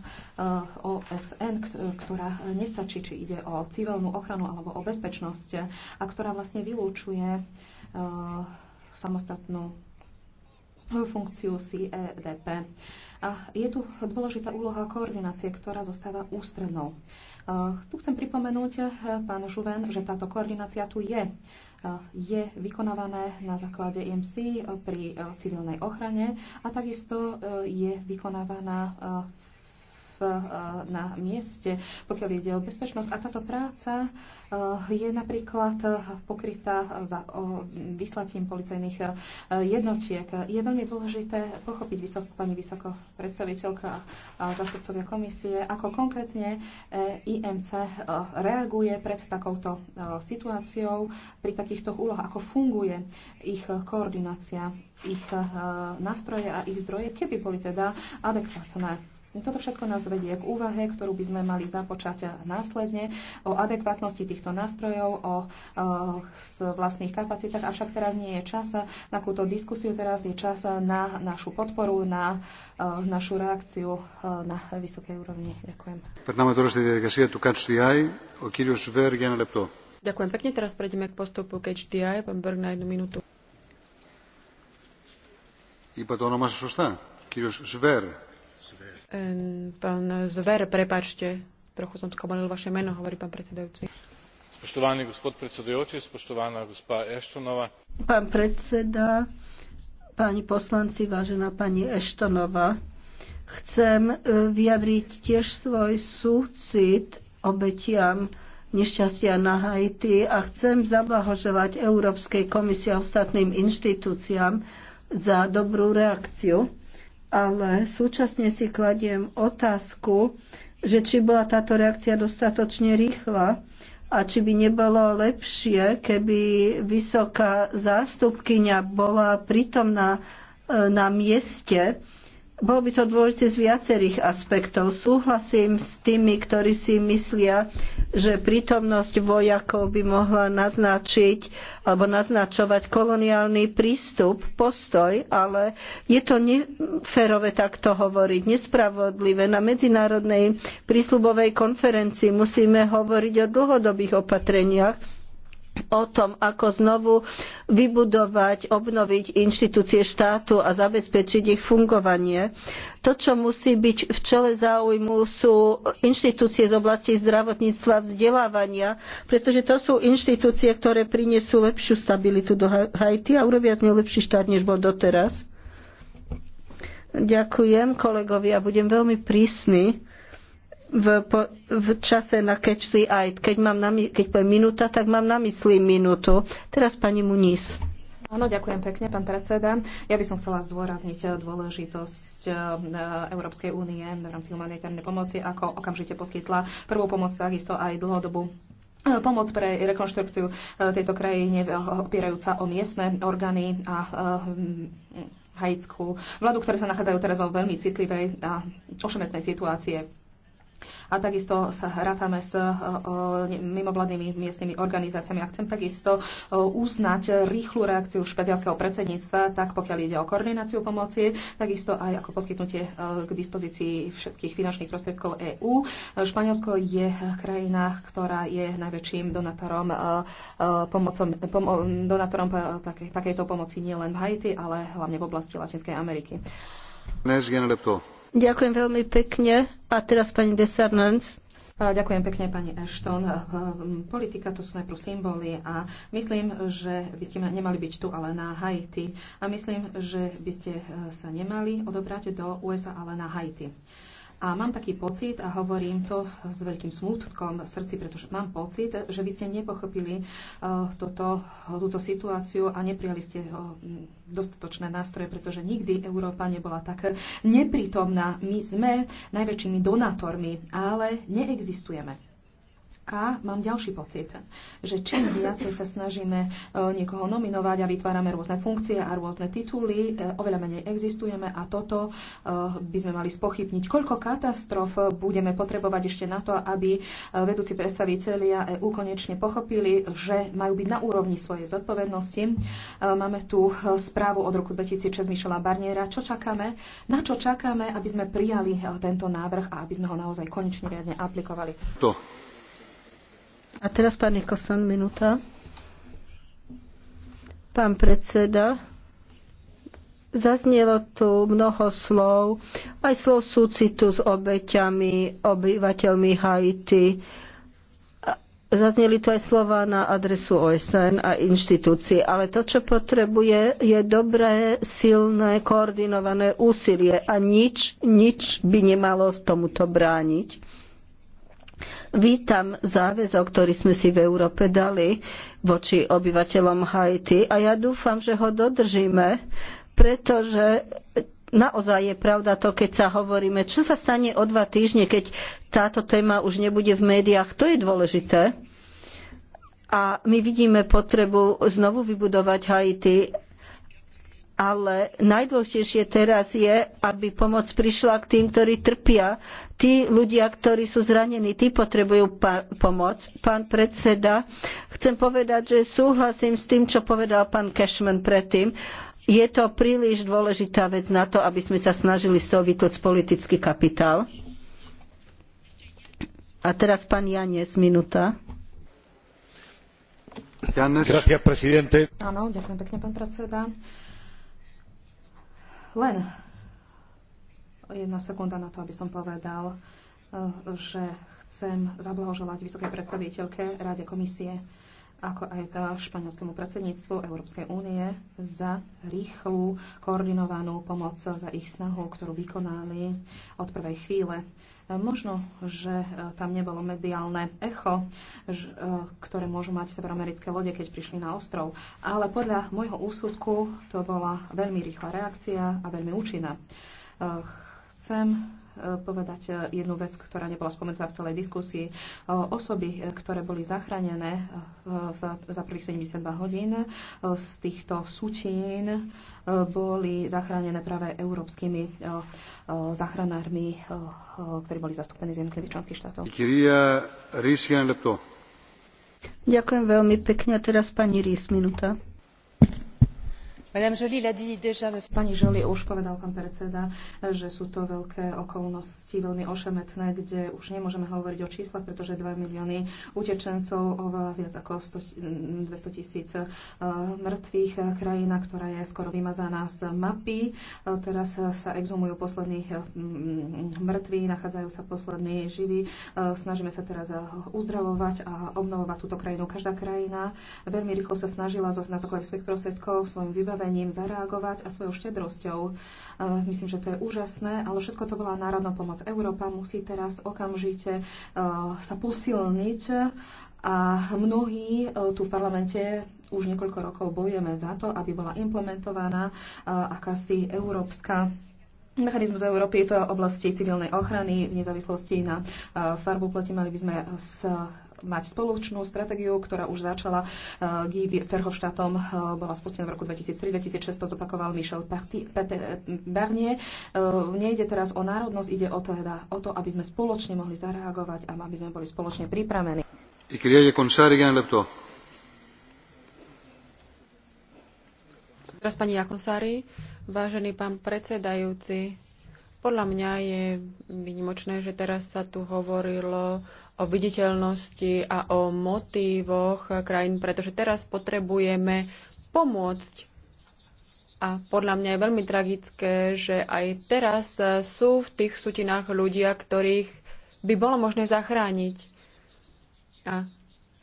Speaker 1: OSN, ktorá nestačí, či ide o civilnú ochranu alebo o bezpečnosť, a ktorá vlastne vylúčuje samostatnú funkciu CEDP. A je tu dôležitá úloha koordinácie, ktorá zostáva ústrednou. Eh, tu chcem pripomenúť, eh, pán Žuven, že táto koordinácia tu je eh, je vykonávané na základe EMC pri civilnej ochrane a takisto je vykonávaná v, eh, na mieste, pokiaľ ide o bezpečnosť. A táto práca eh, je napríklad eh, pokrytá za vyslatím policajných jednotiek. Je veľmi dôležité pochopiť vysoko, pani vysoko predstaviteľka a zastupcovia komisie, ako konkrétne IMC reaguje pred takouto situáciou pri takýchto úlohách, ako funguje ich koordinácia, ich nástroje a ich zdroje, keby boli teda adekvátne. Toto všetko nás vedie k úvahe, ktorú by sme mali započať následne o adekvátnosti týchto nástrojov, o, e, vlastných kapacitách, avšak teraz nie je čas na túto diskusiu, teraz je čas na našu podporu, na e, našu reakciu e, na vysokej úrovni. Ďakujem.
Speaker 2: Ďakujem pekne, teraz prejdeme k postupu KHDI. Pán Berg na jednu minútu.
Speaker 1: Iba to ono máš Κύριος Σβέρ,
Speaker 2: Ehm, pán Zver, prepačte, trochu som skomalil vaše
Speaker 3: meno, hovorí pán predsedajúci. Spoštovaný gospod predsedajúci, spoštovaná gospa Eštonová. Pán predseda, páni poslanci, vážená pani Eštonová, chcem e, vyjadriť tiež svoj súcit obetiam nešťastia na Haiti a chcem zablahoželať Európskej komisii a ostatným inštitúciám za dobrú reakciu ale súčasne si kladiem otázku, že či bola táto reakcia dostatočne rýchla a či by nebolo lepšie, keby vysoká zástupkyňa bola pritomná e, na mieste, bol by to dôležité z viacerých aspektov. Súhlasím s tými, ktorí si myslia, že prítomnosť vojakov by mohla naznačiť alebo naznačovať koloniálny prístup, postoj, ale je to neférové takto hovoriť, nespravodlivé. Na medzinárodnej prísľubovej konferencii musíme hovoriť o dlhodobých opatreniach, o tom, ako znovu vybudovať, obnoviť inštitúcie štátu a zabezpečiť ich fungovanie. To, čo musí byť v čele záujmu, sú inštitúcie z oblasti zdravotníctva, vzdelávania, pretože to sú inštitúcie, ktoré prinesú lepšiu stabilitu do Haiti a urobia z neho lepší štát, než bol doteraz. Ďakujem kolegovi a budem veľmi prísny v, po, v čase na catch the eye. Keď, mám na, keď poviem minúta, tak mám na mysli minútu. Teraz pani Muniz.
Speaker 1: Áno, ďakujem pekne, pán predseda. Ja by som chcela zdôrazniť dôležitosť e, Európskej únie v rámci humanitárnej pomoci, ako okamžite poskytla prvú pomoc, takisto aj dlhodobú e, pomoc pre rekonštrukciu e, tejto krajiny opierajúca o miestne orgány a haitskú vládu, ktoré sa nachádzajú teraz vo veľmi citlivej a ošemetnej situácie a takisto sa rátame s eh, eh, mimovládnymi miestnymi organizáciami. A chcem takisto eh, uznať rýchlu reakciu špeciálskeho predsedníctva, tak pokiaľ ide o koordináciu pomoci, takisto aj ako poskytnutie k dispozícii všetkých finančných prostriedkov EÚ. Španielsko je krajina, ktorá je najväčším donátorom, pomocom, pom- donátorom takej, takejto pomoci nielen v Haiti, ale hlavne v oblasti Latinskej Ameriky. Dnes, Ďakujem veľmi pekne. A teraz pani Desarnans. Ďakujem pekne, pani Ashton. Hm, politika to sú najprv symboly a myslím, že by ste nemali byť tu, ale na Haiti. A myslím, že by ste e, sa nemali odobrať do USA, ale na Haiti. A mám taký pocit, a hovorím to s veľkým smútkom v srdci, pretože mám pocit, že vy ste nepochopili uh, toto, túto situáciu a neprijali ste uh, dostatočné nástroje, pretože nikdy Európa nebola tak neprítomná. My sme najväčšími donátormi, ale neexistujeme. A mám ďalší pocit, že čím viacej sa snažíme e, niekoho nominovať a vytvárame rôzne funkcie a rôzne tituly, e, oveľa menej existujeme a toto e, by sme mali spochybniť. Koľko katastrof budeme potrebovať ešte na to, aby vedúci predstavitelia EU konečne pochopili, že majú byť na úrovni svojej zodpovednosti. Máme tu správu od roku 2006 Mišela Barniera. Čo čakáme? Na čo čakáme, aby sme prijali tento návrh a aby sme ho naozaj konečne riadne aplikovali?
Speaker 3: To. A teraz pán Nikolson, minúta. Pán predseda, Zaznelo tu mnoho slov, aj slov súcitu s obeťami, obyvateľmi Haiti. Zazneli tu aj slova na adresu OSN a inštitúcií, ale to, čo potrebuje, je dobré, silné, koordinované úsilie a nič, nič by nemalo tomuto brániť. Vítam záväzok, ktorý sme si v Európe dali voči obyvateľom Haiti a ja dúfam, že ho dodržíme, pretože naozaj je pravda to, keď sa hovoríme, čo sa stane o dva týždne, keď táto téma už nebude v médiách. To je dôležité. A my vidíme potrebu znovu vybudovať Haiti ale najdôležitejšie teraz je, aby pomoc prišla k tým, ktorí trpia. Tí ľudia, ktorí sú zranení, tí potrebujú pomoc. Pán predseda, chcem povedať, že súhlasím s tým, čo povedal pán Cashman predtým. Je to príliš dôležitá vec na to, aby sme sa snažili z toho vytlcť politický kapitál. A teraz pán Janes, minúta.
Speaker 2: Janes. Gracias, presidente.
Speaker 1: Áno, ďakujem pekne, pán predseda. Len jedna sekunda na to, aby som povedal, eh, že chcem zablahoželať vysokej predstaviteľke Rade komisie ako aj e, španielskému predsedníctvu Európskej únie za rýchlu, koordinovanú pomoc, za ich snahu, ktorú vykonali od prvej chvíle. E, možno, že e, tam nebolo mediálne echo, ktoré môžu mať severoamerické lode, keď prišli na ostrov. Ale podľa môjho úsudku to bola veľmi rýchla reakcia a veľmi účinná. Chcem povedať eh, jednu vec, ktorá nebola spomenutá v celej diskusii. Eh, osoby, eh, ktoré boli zachránené v, za prvých 72 hodín z týchto súčin, boli zachránené práve európskymi zachránármi, ktorí boli zastúpení z jednotlivých členských štátov.
Speaker 3: Ďakujem veľmi pekne. A teraz pani Rís, minúta. Pani joly už
Speaker 1: povedal pán predseda, že sú to veľké okolnosti, veľmi ošemetné, kde už nemôžeme hovoriť o číslach, pretože dva milióny utečencov, oveľa viac ako 100, 200 tisíc eh, mŕtvych, krajina, ktorá je skoro vymazaná z mapy. Eh, teraz sa exhumujú poslední eh, mm, mŕtvi, nachádzajú sa poslední živí. Snažíme sa teraz uzdravovať a obnovovať túto krajinu. Každá krajina veľmi rýchlo sa snažila na základe svojich prostriedkov, svojim vybavením umením zareagovať a svojou štedrosťou. E, myslím, že to je úžasné, ale všetko to bola národná pomoc. Európa musí teraz okamžite e, sa posilniť a mnohí e, tu v parlamente už niekoľko rokov bojujeme za to, aby bola implementovaná akási európska Mechanizmus Európy v oblasti civilnej ochrany v nezávislosti na farbu pleti mali by sme mať spoločnú stratégiu, ktorá už začala eh, Guy Verhofstadtom, eh, bola spustená v roku 2003-2006, to zopakoval Michel Barnier. Eh, nejde teraz o národnosť, ide o, teda, o to, aby sme spoločne mohli zareagovať a aby sme boli spoločne pripravení.
Speaker 3: E
Speaker 2: teraz pani Jakonsári, vážený pán predsedajúci, podľa mňa je vynimočné, že teraz sa tu hovorilo o viditeľnosti a o motívoch krajín, pretože teraz potrebujeme pomôcť. A podľa mňa je veľmi tragické, že aj teraz sú v tých sutinách ľudia, ktorých by bolo možné zachrániť. A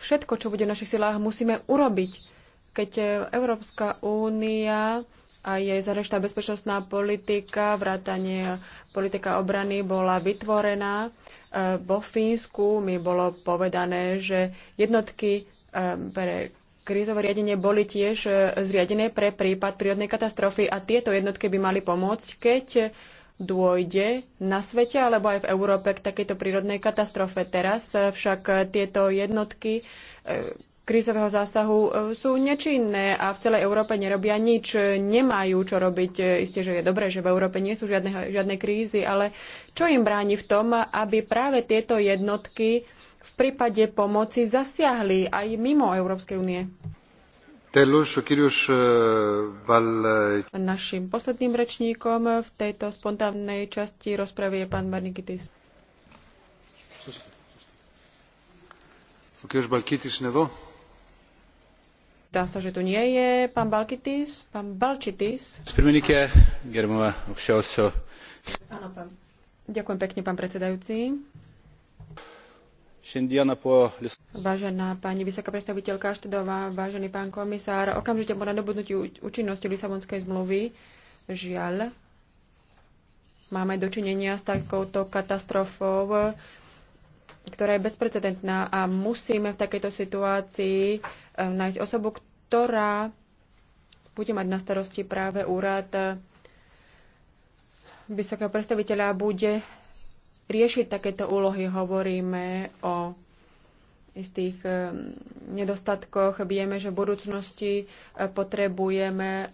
Speaker 2: všetko, čo bude v našich silách, musíme urobiť. Keď Európska únia a jej zahraničná bezpečnostná politika, vrátanie politika obrany bola vytvorená, vo Fínsku mi bolo povedané, že jednotky eh, pre krízové riadenie boli tiež eh, zriadené pre prípad prírodnej katastrofy a tieto jednotky by mali pomôcť, keď dôjde na svete alebo aj v Európe k takejto prírodnej katastrofe. Teraz eh, však tieto jednotky krízového zásahu e, sú nečinné a v celej Európe nerobia nič, nemajú čo robiť. E, Isté, že je dobré, že v Európe nie sú žiadne, žiadne krízy, ale čo im bráni v tom, aby práve tieto jednotky v prípade pomoci zasiahli aj mimo Európskej únie? E, Našim posledným rečníkom v tejto spontánnej časti rozpravy je pán Barnikitis.
Speaker 3: O kýž Balkitis je
Speaker 2: sa, že tu nie je pán Balkitis, pán Balčitis. Áno, pán. Ďakujem pekne, pán predsedajúci. Vážená pani vysoká predstaviteľka Štedová, vážený pán komisár, okamžite po nadobudnutí účinnosti Lisabonskej zmluvy, žiaľ, máme dočinenia s takouto katastrofou, ktorá je bezprecedentná a musíme v takejto situácii Eh, nájsť osobu, ktorá bude mať na starosti práve úrad eh, vysokého predstaviteľa bude riešiť takéto úlohy. Hovoríme o istých eh, nedostatkoch. Vieme, že v budúcnosti potrebujeme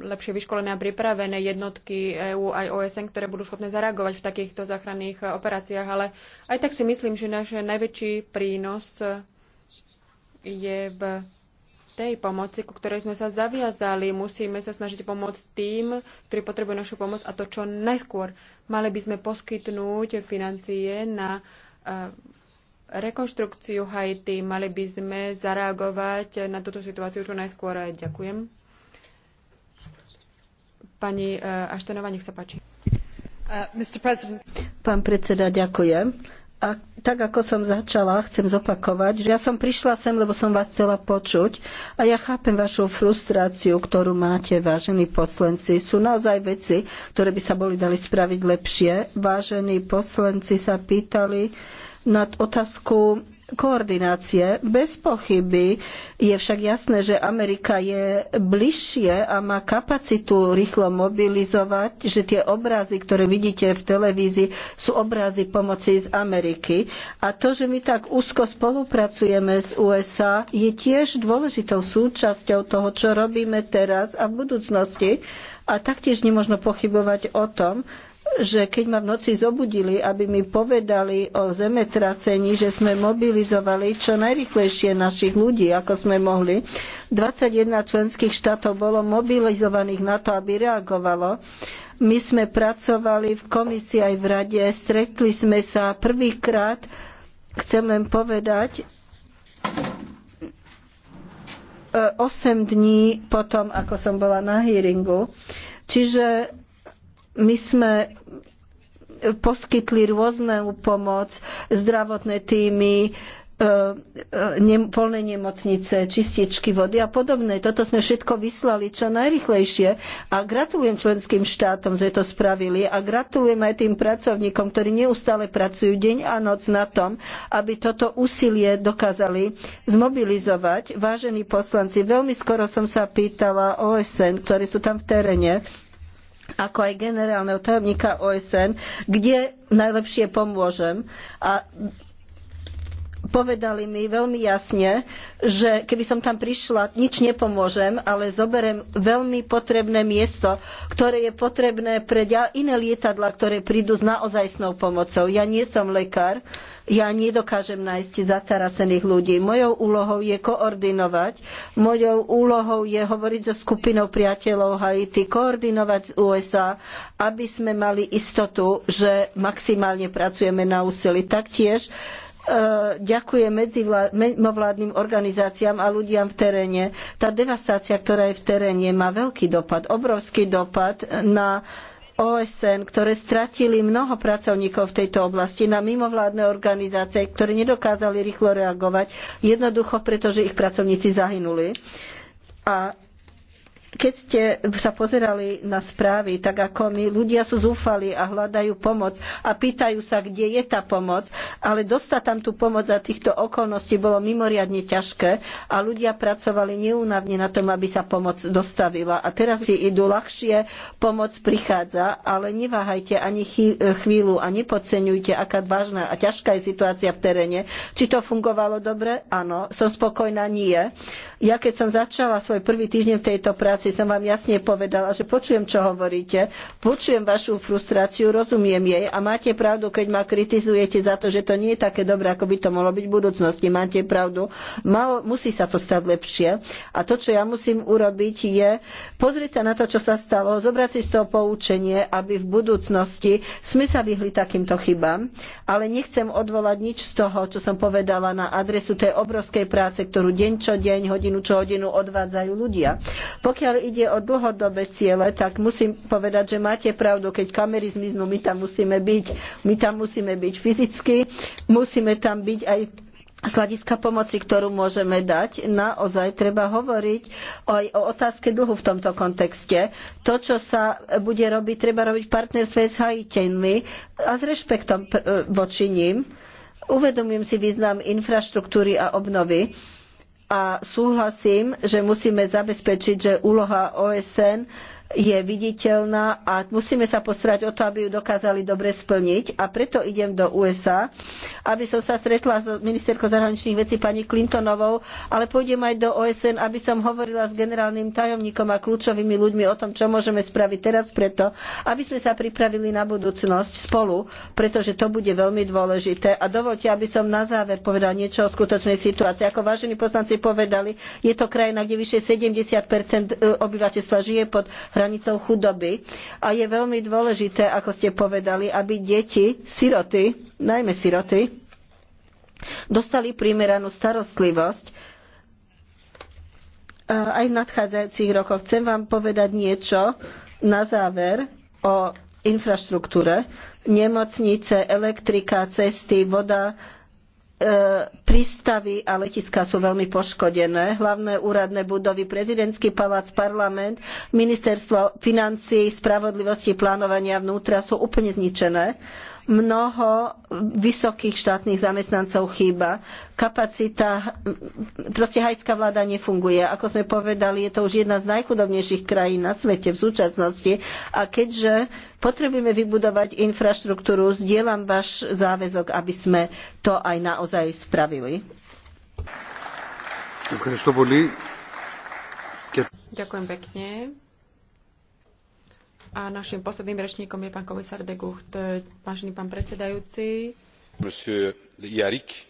Speaker 2: lepšie vyškolené a pripravené jednotky EÚ aj OSN, ktoré budú schopné zareagovať v takýchto záchranných operáciách. Ale aj tak si myslím, že náš najväčší prínos je v tej pomoci, ku ktorej sme sa zaviazali. Musíme sa snažiť pomôcť tým, ktorí potrebujú našu pomoc a to čo najskôr. Mali by sme poskytnúť financie na e, rekonštrukciu Haiti. Mali by sme zareagovať na túto situáciu čo najskôr. Ďakujem. Pani e, Aštenová, nech sa páči.
Speaker 3: Uh, Pán predseda, ďakujem a tak ako som začala, chcem zopakovať, že ja som prišla sem, lebo som vás chcela počuť a ja chápem vašu frustráciu, ktorú máte, vážení poslanci. Sú naozaj veci, ktoré by sa boli dali spraviť lepšie. Vážení poslanci sa pýtali na otázku koordinácie. Bez pochyby je však jasné, že Amerika je bližšie a má kapacitu rýchlo mobilizovať, že tie obrazy, ktoré vidíte v televízii, sú obrazy pomoci z Ameriky. A to, že my tak úzko spolupracujeme s USA, je tiež dôležitou súčasťou toho, čo robíme teraz a v budúcnosti. A taktiež nemôžno pochybovať o tom, že keď ma v noci zobudili, aby mi povedali o zemetrasení, že sme mobilizovali čo najrychlejšie našich ľudí, ako sme mohli. 21 členských štátov bolo mobilizovaných na to, aby reagovalo. My sme pracovali v komisii aj v rade, stretli sme sa prvýkrát. Chcem len povedať, 8 e, dní potom, ako som bola na hearingu. Čiže my sme poskytli rôznu pomoc, zdravotné týmy, e, e, polné nemocnice, čističky vody a podobné. Toto sme všetko vyslali čo najrychlejšie a gratulujem členským štátom, že to spravili a gratulujem aj tým pracovníkom, ktorí neustále pracujú deň a noc na tom, aby toto úsilie dokázali zmobilizovať. Vážení poslanci, veľmi skoro som sa pýtala OSN, ktorí sú tam v teréne, ako aj generálneho tajomníka OSN, kde najlepšie pomôžem. A povedali mi veľmi jasne, že keby som tam prišla, nič nepomôžem, ale zoberiem veľmi potrebné miesto, ktoré je potrebné pre iné lietadlá, ktoré prídu s naozajstnou pomocou. Ja nie som lekár, ja nedokážem nájsť zatarasených ľudí. Mojou úlohou je koordinovať, mojou úlohou je hovoriť so skupinou priateľov Haiti, koordinovať z USA, aby sme mali istotu, že maximálne pracujeme na úsilí. Taktiež e, medzi mimovládnym organizáciám a ľuďom v teréne. Tá devastácia, ktorá je v teréne, má veľký dopad, obrovský dopad na OSN, ktoré stratili mnoho pracovníkov v tejto oblasti na mimovládne organizácie, ktoré nedokázali rýchlo reagovať, jednoducho preto, že ich pracovníci zahynuli. A keď ste sa pozerali na správy, tak ako my, ľudia sú zúfali a hľadajú pomoc a pýtajú sa, kde je tá pomoc, ale dostať tam tú pomoc za týchto okolností bolo mimoriadne ťažké a ľudia pracovali neúnavne na tom, aby sa pomoc dostavila. A teraz si idú ľahšie, pomoc prichádza, ale neváhajte ani chvíľu a nepodceňujte, aká vážna a ťažká je situácia v teréne. Či to fungovalo dobre? Áno. Som spokojná? Nie. Ja keď som začala svoj prvý týždeň v tejto práci, prezentácii som vám jasne povedala, že počujem, čo hovoríte, počujem vašu frustráciu, rozumiem jej a máte pravdu, keď ma kritizujete za to, že to nie je také dobré, ako by to mohlo byť v budúcnosti. Máte pravdu. Malo, musí sa to stať lepšie. A to, čo ja musím urobiť, je pozrieť sa na to, čo sa stalo, zobrať si z toho poučenie, aby v budúcnosti sme sa vyhli takýmto chybám. Ale nechcem odvolať nič z toho, čo som povedala na adresu tej obrovskej práce, ktorú deň čo deň, hodinu čo hodinu odvádzajú ľudia. Pokiaľ pokiaľ ide o dlhodobé ciele, tak musím povedať, že máte pravdu, keď kamery zmiznú, my tam musíme byť, my tam musíme byť fyzicky, musíme tam byť aj z hľadiska pomoci, ktorú môžeme dať, naozaj treba hovoriť aj o otázke dlhu v tomto kontexte. To, čo sa bude robiť, treba robiť v partnerstve s Haitenmi a s rešpektom voči ním. Uvedomím si význam infraštruktúry a obnovy a súhlasím, že musíme zabezpečiť, že úloha OSN je viditeľná a musíme sa postarať o to, aby ju dokázali dobre splniť. A preto idem do USA, aby som sa stretla s ministerkou zahraničných vecí pani Clintonovou, ale pôjdem aj do OSN, aby som hovorila s generálnym tajomníkom a kľúčovými ľuďmi o tom, čo môžeme spraviť teraz preto, aby sme sa pripravili na budúcnosť spolu, pretože to bude veľmi dôležité. A dovolte, aby som na záver povedala niečo o skutočnej situácii. Ako vážení poslanci povedali, je to krajina, kde vyše 70 e, obyvateľstva žije pod hranicou chudoby. A je veľmi dôležité, ako ste povedali, aby deti, siroty, najmä siroty, dostali primeranú starostlivosť aj v nadchádzajúcich rokoch. Chcem vám povedať niečo na záver o infraštruktúre. Nemocnice, elektrika, cesty, voda, E, prístavy a letiská sú veľmi poškodené. Hlavné úradné budovy, prezidentský palác, parlament, ministerstvo financií, spravodlivosti, plánovania vnútra sú úplne zničené mnoho vysokých štátnych zamestnancov chýba. Kapacita, proste hajská vláda nefunguje. Ako sme povedali, je to už jedna z najchudobnejších krajín na svete v súčasnosti. A keďže potrebujeme vybudovať infraštruktúru, zdieľam váš záväzok, aby sme to aj naozaj spravili. Ďakujem pekne.
Speaker 2: A našim posledným rečníkom je pán komisár de Gucht.
Speaker 1: Vážený pán predsedajúci.
Speaker 3: Monsieur Jarik,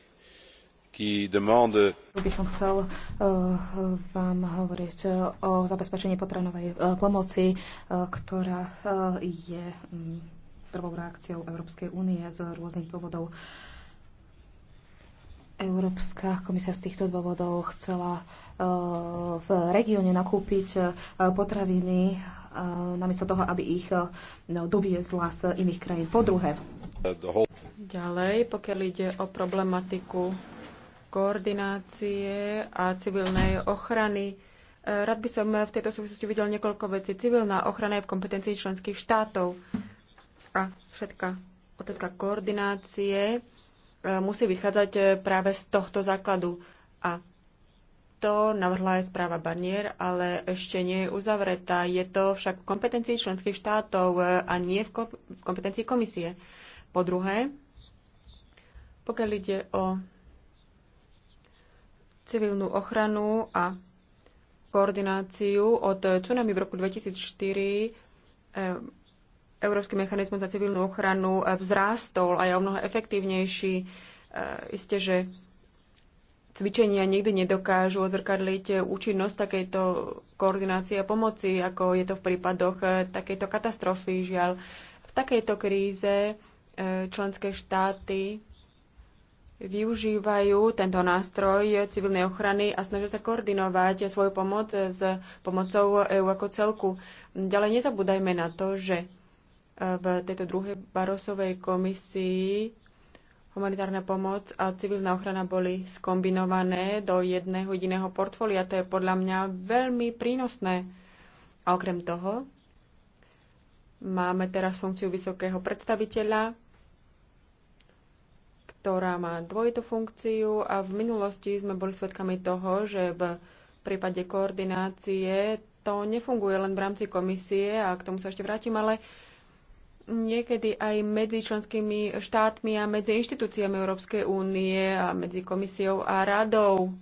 Speaker 3: qui demande...
Speaker 1: By som chcel uh, vám hovoriť eh, o zabezpečení potranovej uh, eh, pomoci, uh, ktorá uh, je um, prvou reakciou Európskej únie z rôznych dôvodov. Európska komisia z týchto dôvodov chcela v regióne nakúpiť potraviny namiesto toho, aby ich e, no, doviezla z iných krajín. Po druhé.
Speaker 2: Ďalej, pokiaľ ide o problematiku koordinácie a civilnej ochrany, e, rád by som v tejto súvislosti videl niekoľko vecí. Civilná ochrana je v kompetencii členských štátov a všetká otázka koordinácie e, musí vychádzať práve z tohto základu. A to navrhla aj správa Barnier, ale ešte nie je uzavretá. Je to však v kompetencii členských štátov e, a nie v, kompetencii komisie. Po druhé, pokiaľ ide o civilnú ochranu a koordináciu od tsunami v roku 2004 e, Európsky mechanizmus za civilnú ochranu e, vzrástol a je o mnoho efektívnejší. Isté, že cvičenia nikdy nedokážu odzrkadliť eh, účinnosť takejto koordinácie a pomoci, ako je to v prípadoch eh, takejto katastrofy. Žiaľ, v takejto kríze eh, členské štáty využívajú tento nástroj civilnej ochrany a snažia sa koordinovať svoju pomoc s pomocou EÚ ako celku. Ďalej nezabúdajme na to, že v tejto druhej Barosovej komisii humanitárna pomoc a civilná ochrana boli skombinované do jedného jediného portfólia. To je podľa mňa veľmi prínosné. A okrem toho máme teraz funkciu vysokého predstaviteľa, ktorá má dvojitú funkciu a v minulosti sme boli svedkami toho, že v prípade koordinácie to nefunguje len v rámci komisie a k tomu sa ešte vrátim, ale niekedy aj medzi členskými štátmi a medzi inštitúciami Európskej únie a medzi komisiou a radou.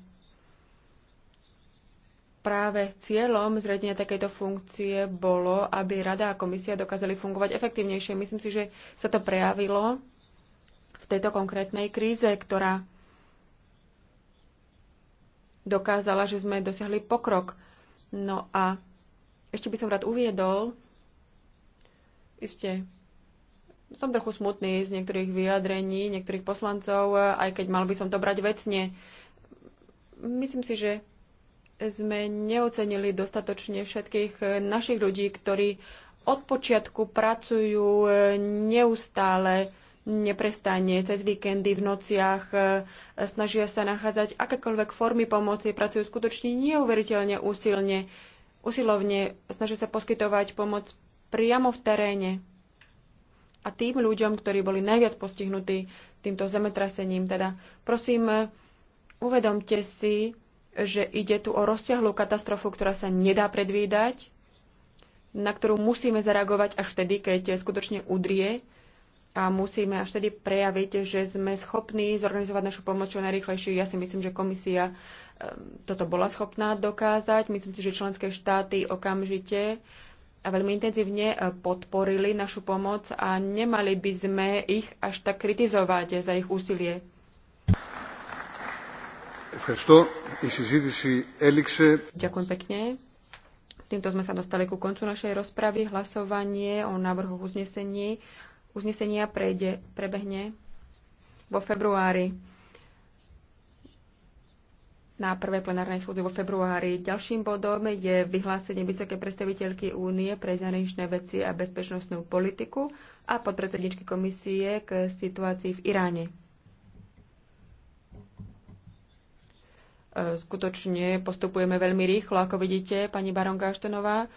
Speaker 2: Práve cieľom zredenia takejto funkcie bolo, aby rada a komisia dokázali fungovať efektívnejšie. Myslím si, že sa to prejavilo v tejto konkrétnej kríze, ktorá dokázala, že sme dosiahli pokrok. No a ešte by som rád uviedol, ešte som trochu smutný z niektorých vyjadrení, niektorých poslancov, aj keď mal by som to brať vecne. Myslím si, že sme neocenili dostatočne všetkých našich ľudí, ktorí od počiatku pracujú neustále, neprestane, cez víkendy, v nociach, snažia sa nachádzať akékoľvek formy pomoci, pracujú skutočne neuveriteľne úsilne, usilovne, snažia sa poskytovať pomoc priamo v teréne a tým ľuďom, ktorí boli najviac postihnutí týmto zemetrasením. Teda prosím, uvedomte si, že ide tu o rozsiahlú katastrofu, ktorá sa nedá predvídať, na ktorú musíme zareagovať až vtedy, keď skutočne udrie a musíme až vtedy prejaviť, že sme schopní zorganizovať našu pomoc čo najrychlejšie. Ja si myslím, že komisia toto bola schopná dokázať. Myslím si, že členské štáty okamžite a veľmi intenzívne e, podporili našu pomoc a nemali by sme ich až tak kritizovať za ich úsilie. Ďakujem pekne. Týmto sme sa dostali ku koncu našej rozpravy. Hlasovanie o návrhu uznesení, uznesenia prejde, prebehne vo februári na prvej plenárnej schôdzi vo februári. Ďalším bodom je vyhlásenie vysokej predstaviteľky Únie pre zahraničné veci a bezpečnostnú politiku a podpredsedničky komisie k situácii v Iráne. E, skutočne postupujeme veľmi rýchlo, ako vidíte, pani Baronka Aštenová.